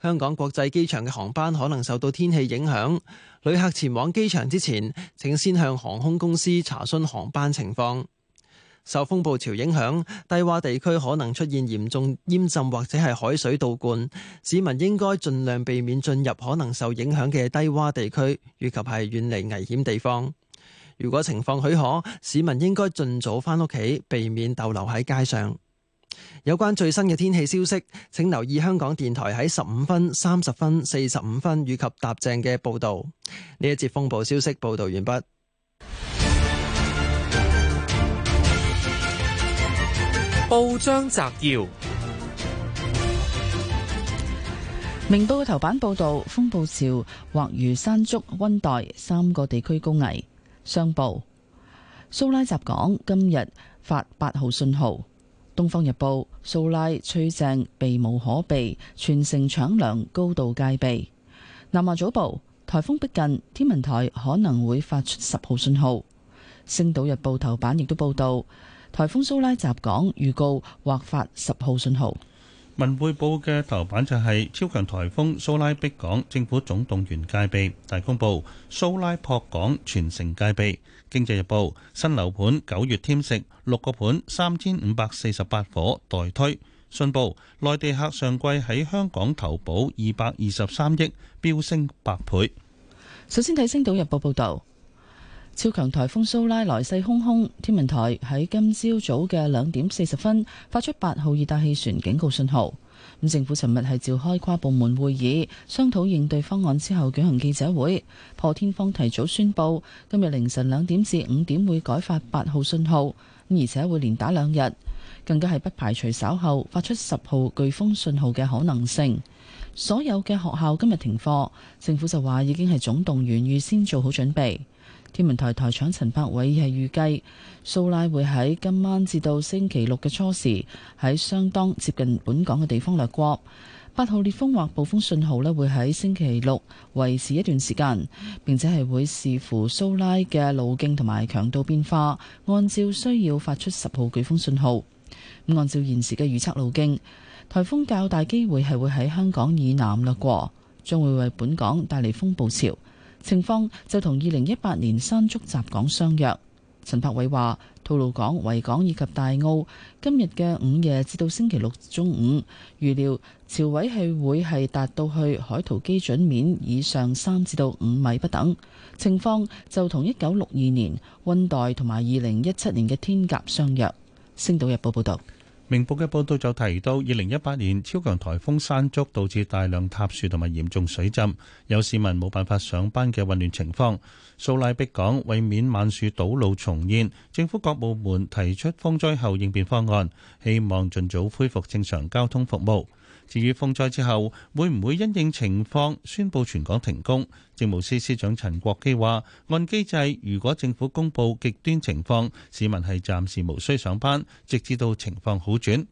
香港國際機場嘅航班可能受到天氣影響，旅客前往機場之前，請先向航空公司查詢航班情況。受風暴潮影響，低窪地區可能出現嚴重淹浸或者係海水倒灌。市民應該盡量避免進入可能受影響嘅低窪地區，以及係遠離危險地方。如果情況許可，市民應該盡早返屋企，避免逗留喺街上。有關最新嘅天氣消息，請留意香港電台喺十五分、三十分、四十五分以及踏正嘅報導。呢一節風暴消息報導完畢。報章摘要：明報嘅頭版報道，風暴潮或如山竹、溫黛三個地區高危。商報：蘇拉襲港，今日發八號信號。東方日報：蘇拉吹正，避無可避，全城搶糧，高度戒備。南華早報：颱風逼近，天文台可能會發出十號信號。星島日報頭版亦都報道。台風蘇拉襲港預，預告或發十號信號。文匯報嘅頭版就係超強台風蘇拉逼港，政府總動員戒備。大公報：蘇拉撲港，全城戒備。經濟日報：新樓盤九月添食六個盤，三千五百四十八伙待推。信報：內地客上季喺香港投保二百二十三億，飆升百倍。首先睇《星島日報》報道。超強颱風蘇拉來勢洶洶，天文台喺今朝早嘅兩點四十分發出八號熱帶氣旋警告信號。咁政府尋日係召開跨部門會議，商討應對方案，之後舉行記者會，破天荒提早宣布今日凌晨兩點至五點會改發八號信號，而且會連打兩日，更加係不排除稍後發出十號颶風信號嘅可能性。所有嘅學校今日停課，政府就話已經係總動員，預先做好準備。天文台台長陳柏偉係預計，蘇拉會喺今晚至到星期六嘅初時，喺相當接近本港嘅地方掠過。八號烈風或暴風信號呢會喺星期六維持一段時間，並且係會視乎蘇拉嘅路徑同埋強度變化，按照需要發出十號颶風信號。咁按照現時嘅預測路徑，台風較大機會係會喺香港以南掠過，將會為本港帶嚟風暴潮。情況就同二零一八年山竹襲港相若。陳柏偉話，吐露港、維港以及大澳今日嘅午夜至到星期六中午，預料潮位係會係達到去海圖基準面以上三至到五米不等。情況就同一九六二年溫黛同埋二零一七年嘅天鴿相若。星島日報報道。明報嘅報道就提到，二零一八年超強颱風山竹導致大量塌樹同埋嚴重水浸，有市民冇辦法上班嘅混亂情況。蘇拉逼港，為免萬樹堵路重現，政府各部門提出風災後應變方案，希望盡早恢復正常交通服務。至於風災之後會唔會因應情況宣布全港停工？政務司司長陳國基話：按機制，如果政府公佈極端情況，市民係暫時無需上班，直至到情況好轉。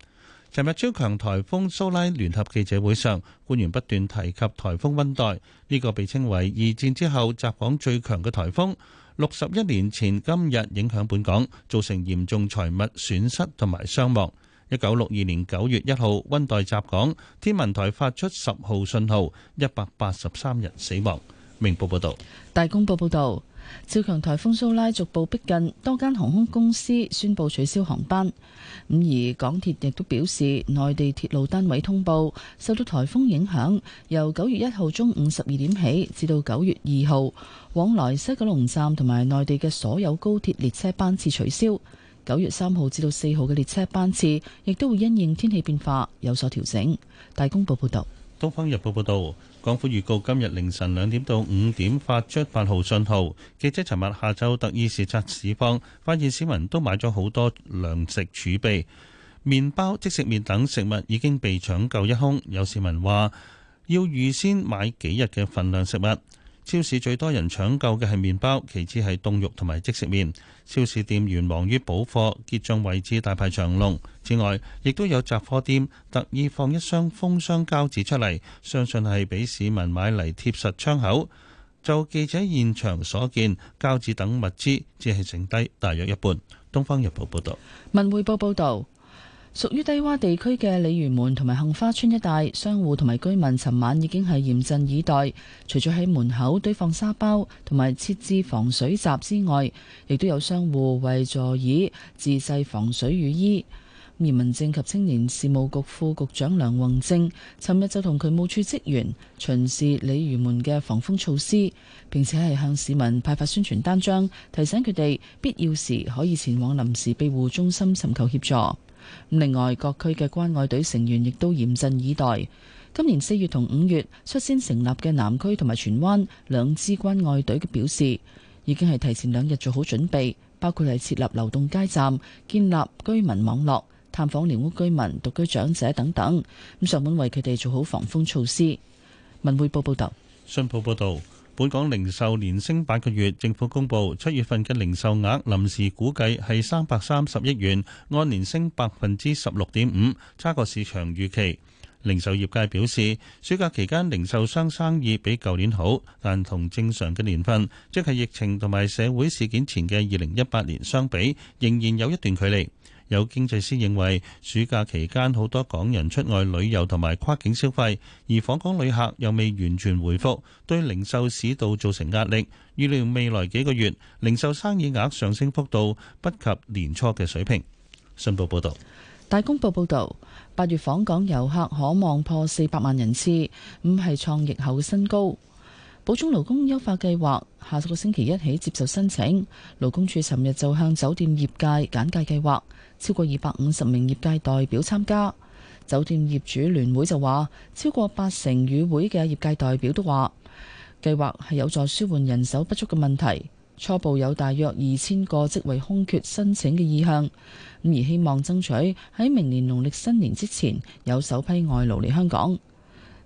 尋日超強颱風，颱風蘇拉聯合記者會上，官員不斷提及颱風溫黛，呢、這個被稱為二戰之後襲港最強嘅颱風，六十一年前今日影響本港，造成嚴重財物損失同埋傷亡。一九六二年九月一號，溫黛襲港天文台發出十號信號，一百八十三人死亡。明報報道，大公報報道，超強台風蘇拉逐步逼近，多間航空公司宣布取消航班。咁而港鐵亦都表示，內地鐵路單位通報受到台風影響，由九月一號中午十二點起至到九月二號，往來西九龍站同埋內地嘅所有高鐵列車班次取消。九月三號至到四號嘅列車班次，亦都會因應天氣變化有所調整。大公報報道，《東方日報》報道，港府預告今日凌晨兩點到五點發出八號信號。記者尋日下晝特意視察市況，發現市民都買咗好多糧食儲備，麵包、即食麵等食物已經被搶購一空。有市民話：要預先買幾日嘅份量食物。超市最多人搶購嘅係麵包，其次係凍肉同埋即食麵。超市店員忙於補貨，結帳位置大排長龍。此外，亦都有雜貨店特意放一箱封箱膠紙出嚟，相信係俾市民買嚟貼實窗口。就記者現場所見，膠紙等物資只係剩低大約一半。《東方日報》報道，《文匯報》報道。屬於低洼地區嘅鯉魚門同埋杏花村一帶，商戶同埋居民尋晚已經係嚴陣以待，除咗喺門口堆放沙包同埋設置防水閘之外，亦都有商戶為座椅自製防水雨衣。而民政及青年事務局副，副局長梁宏正尋日就同渠務處職員巡視鯉魚門嘅防風措施，並且係向市民派發宣傳單張，提醒佢哋必要時可以前往臨時庇護中心尋求協助。另外，各區嘅關愛隊成員亦都嚴陣以待。今年四月同五月率先成立嘅南區同埋荃灣兩支關愛隊嘅表示，已經係提前兩日做好準備，包括係設立流動街站、建立居民網絡、探訪廉屋居民、獨居長者等等，咁上門為佢哋做好防風措施。文匯報報道，信報報道。本港零售年升八個月，政府公布七月份嘅零售額臨時估計係三百三十億元，按年升百分之十六點五，差過市場預期。零售業界表示，暑假期間零售商生意比舊年好，但同正常嘅年份，即係疫情同埋社會事件前嘅二零一八年相比，仍然有一段距離。有經濟師認為，暑假期間好多港人出外旅遊同埋跨境消費，而訪港旅客又未完全回復，對零售市道造成壓力。預料未來幾個月，零售生意額上升幅度不及年初嘅水平。信報報道，大公報報道，八月訪港遊客可望破四百萬人次，唔係創疫後新高。補充勞工優化計劃下個星期一起接受申請，勞工處尋日就向酒店業界簡介計劃，超過二百五十名業界代表參加。酒店業主聯會就話，超過八成與會嘅業界代表都話，計劃係有助舒緩人手不足嘅問題。初步有大約二千個職位空缺申請嘅意向，咁而希望爭取喺明年農曆新年之前有首批外勞嚟香港。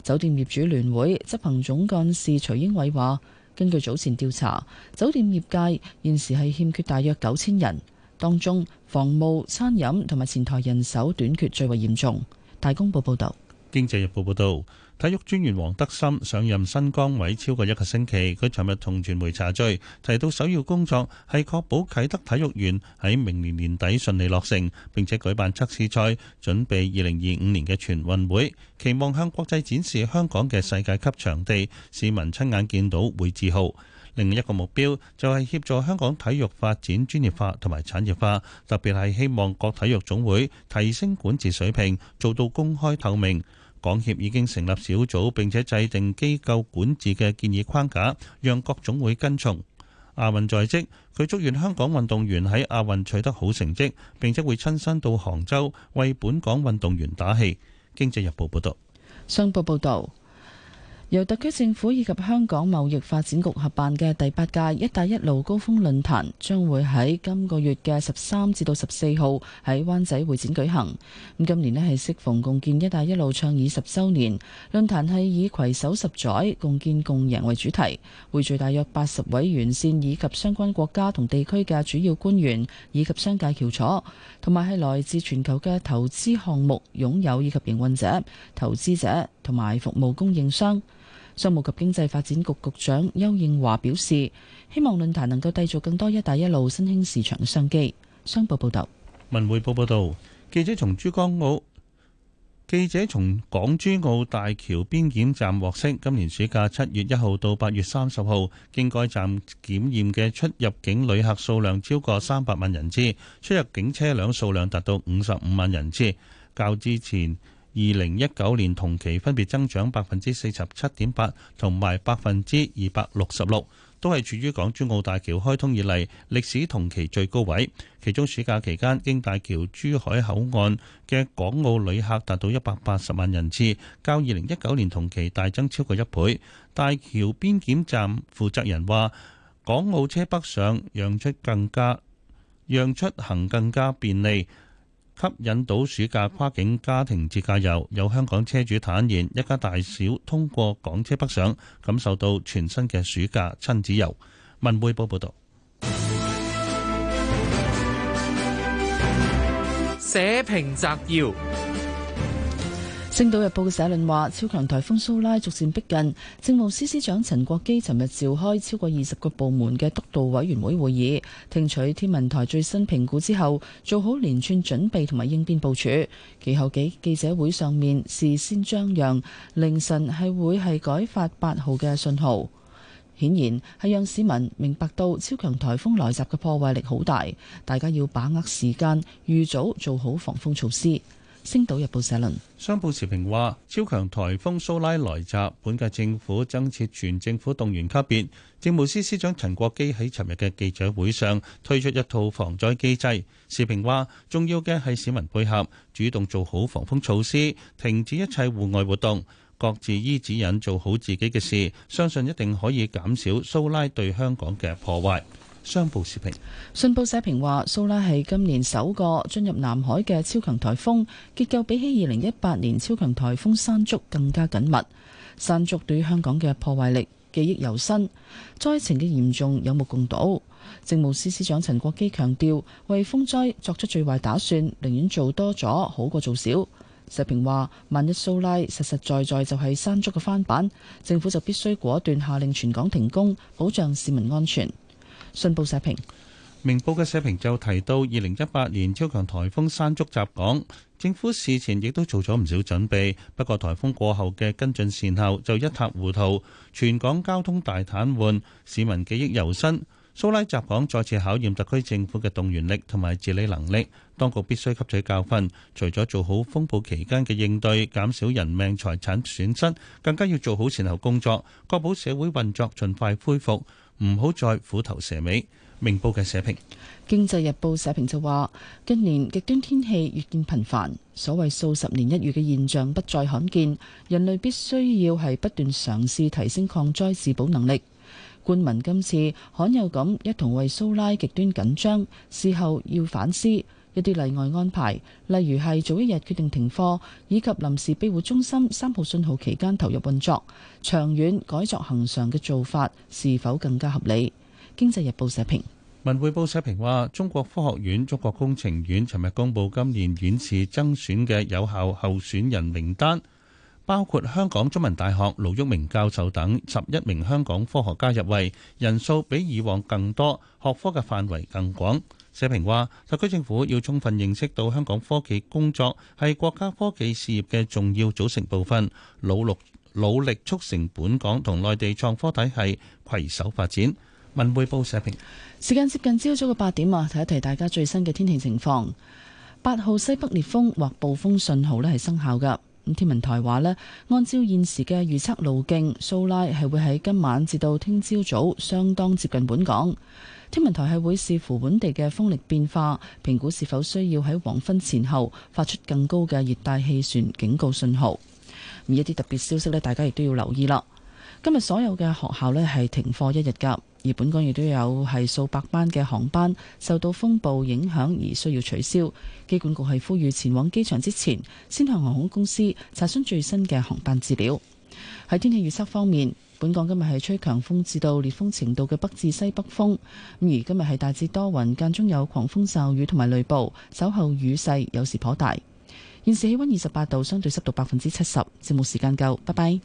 酒店業主聯會執行總幹事徐英偉話，根據早前調查，酒店業界現時係欠缺大約九千人，當中房務、餐飲同埋前台人手短缺最為嚴重。大公報報道。《經濟日報》報道。體育專員黃德森上任新崗位超過一個星期，佢尋日同傳媒茶敍，提到首要工作係確保啟德體育園喺明年年底順利落成，並且舉辦測試賽，準備二零二五年嘅全運會，期望向國際展示香港嘅世界級場地，市民親眼見到會自豪。另一個目標就係協助香港體育發展專業化同埋產業化，特別係希望各體育總會提升管治水平，做到公開透明。港協已經成立小組，並且制定機構管治嘅建議框架，讓各總會跟從。亞運在即，佢祝願香港運動員喺亞運取得好成績，並且會親身到杭州為本港運動員打氣。經濟日報報導，商報報道。由特區政府以及香港貿易發展局合辦嘅第八屆一帶一路高峰論壇將會喺今個月嘅十三至到十四號喺灣仔會展舉行。咁今年呢，係適逢共建一帶一路倡議十周年論壇係以攜手十載共建共贏為主題，匯聚大約八十位沿線、以及相關國家同地區嘅主要官員以及商界翹楚，同埋係來自全球嘅投資項目擁有以及營運者、投資者同埋服務供應商。商務及經濟發展局局長邱應華表示，希望論壇能夠締造更多“一帶一路”新興市場嘅商機。商報報導，文匯報報道：「記者從珠江澳記者從港珠澳大橋邊檢站獲悉，今年暑假七月一號到八月三十號，經該站檢驗嘅出入境旅客數量超過三百萬人次，出入境車輛數量達到五十五萬人次，較之前，二零一九年同期分別增長百分之四十七點八同埋百分之二百六十六，都係處於港珠澳大橋開通以嚟歷史同期最高位。其中暑假期間，經大橋珠海口岸嘅港澳旅客達到一百八十萬人次，較二零一九年同期大增超過一倍。大橋邊檢站負責人話，港澳車北上，讓出更加讓出行更加便利。吸引到暑假跨境家庭自駕遊，有香港車主坦言，一家大小通過港車北上，感受到全新嘅暑假親子遊。文匯報報道。社評摘要。《星島日報》社論話：超強台風蘇拉逐漸逼近，政務司司長陳國基尋日召開超過二十個部門嘅督導委員會會議，聽取天文台最新評估之後，做好連串準備同埋應變部署。其後幾記者會上面事先張揚，凌晨係會係改發八號嘅信號，顯然係讓市民明白到超強台風來襲嘅破壞力好大，大家要把握時間，預早做好防風措施。星島日報社論：商報時評話，超強颱風蘇拉來襲，本屆政府增設全政府動員級別。政務司司長陳國基喺尋日嘅記者會上推出一套防災機制。時評話，重要嘅係市民配合，主動做好防風措施，停止一切戶外活動，各自依指引做好自己嘅事，相信一定可以減少蘇拉對香港嘅破壞。商報社評，信報社評話，蘇拉係今年首個進入南海嘅超強颱風，結構比起二零一八年超強颱風山竹更加緊密。山竹對香港嘅破壞力記憶猶新，災情嘅嚴重有目共睹。政務司司長陳國基強調，為風災作出最壞打算，寧願做多咗，好過做少。社評話，萬一蘇拉實實在在在就係山竹嘅翻版，政府就必須果斷下令全港停工，保障市民安全。信報社評，明報嘅社評就提到，二零一八年超強颱風山竹襲港，政府事前亦都做咗唔少準備，不過颱風過後嘅跟進善後就一塌糊塗，全港交通大癱瘓，市民記憶猶新。蘇拉襲港再次考驗特區政府嘅動員力同埋治理能力，當局必須吸取教訓，除咗做好風暴期間嘅應對，減少人命財產損失，更加要做好善後工作，確保社會運作盡快恢復。唔好再虎頭蛇尾。明報嘅社評，《經濟日報》社評就話：近年極端天氣越見頻繁，所謂數十年一遇嘅現象不再罕見，人類必須要係不斷嘗試提升抗災自保能力。官民今次罕有咁一同為蘇拉極端緊張，事後要反思。一啲例外安排，例如係早一日決定停課，以及臨時庇護中心三號信號期間投入運作，長遠改作恒常嘅做法是否更加合理？經濟日報社評。文匯報社評話，中國科學院、中國工程院尋日公布今年院士增選嘅有效候選人名單，包括香港中文大學盧煜明教授等十一名香港科學家入圍，人數比以往更多，學科嘅範圍更廣。社評話，特區政府要充分認識到香港科技工作係國家科技事業嘅重要組成部分，努力努力促成本港同內地創科體系攜手發展。文匯報社評。時間接近朝早嘅八點啊，提一提大家最新嘅天氣情況。八號西北烈風或暴風信號呢係生效㗎。咁天文台話呢，按照現時嘅預測路徑，蘇拉係會喺今晚至到聽朝早相當接近本港。天文台係會視乎本地嘅風力變化，評估是否需要喺黃昏前後發出更高嘅熱帶氣旋警告信號。而一啲特別消息咧，大家亦都要留意啦。今日所有嘅學校咧係停課一日噶，而本港亦都有係數百班嘅航班受到風暴影響而需要取消。機管局係呼籲前往機場之前，先向航空公司查詢最新嘅航班資料。喺天氣預測方面。本港今日係吹強風至到烈風程度嘅北至西北風，咁而今日係大致多雲，間中有狂風驟雨同埋雷暴，稍後雨勢有時頗大。現時氣溫二十八度，相對濕度百分之七十，節目時間夠，拜拜。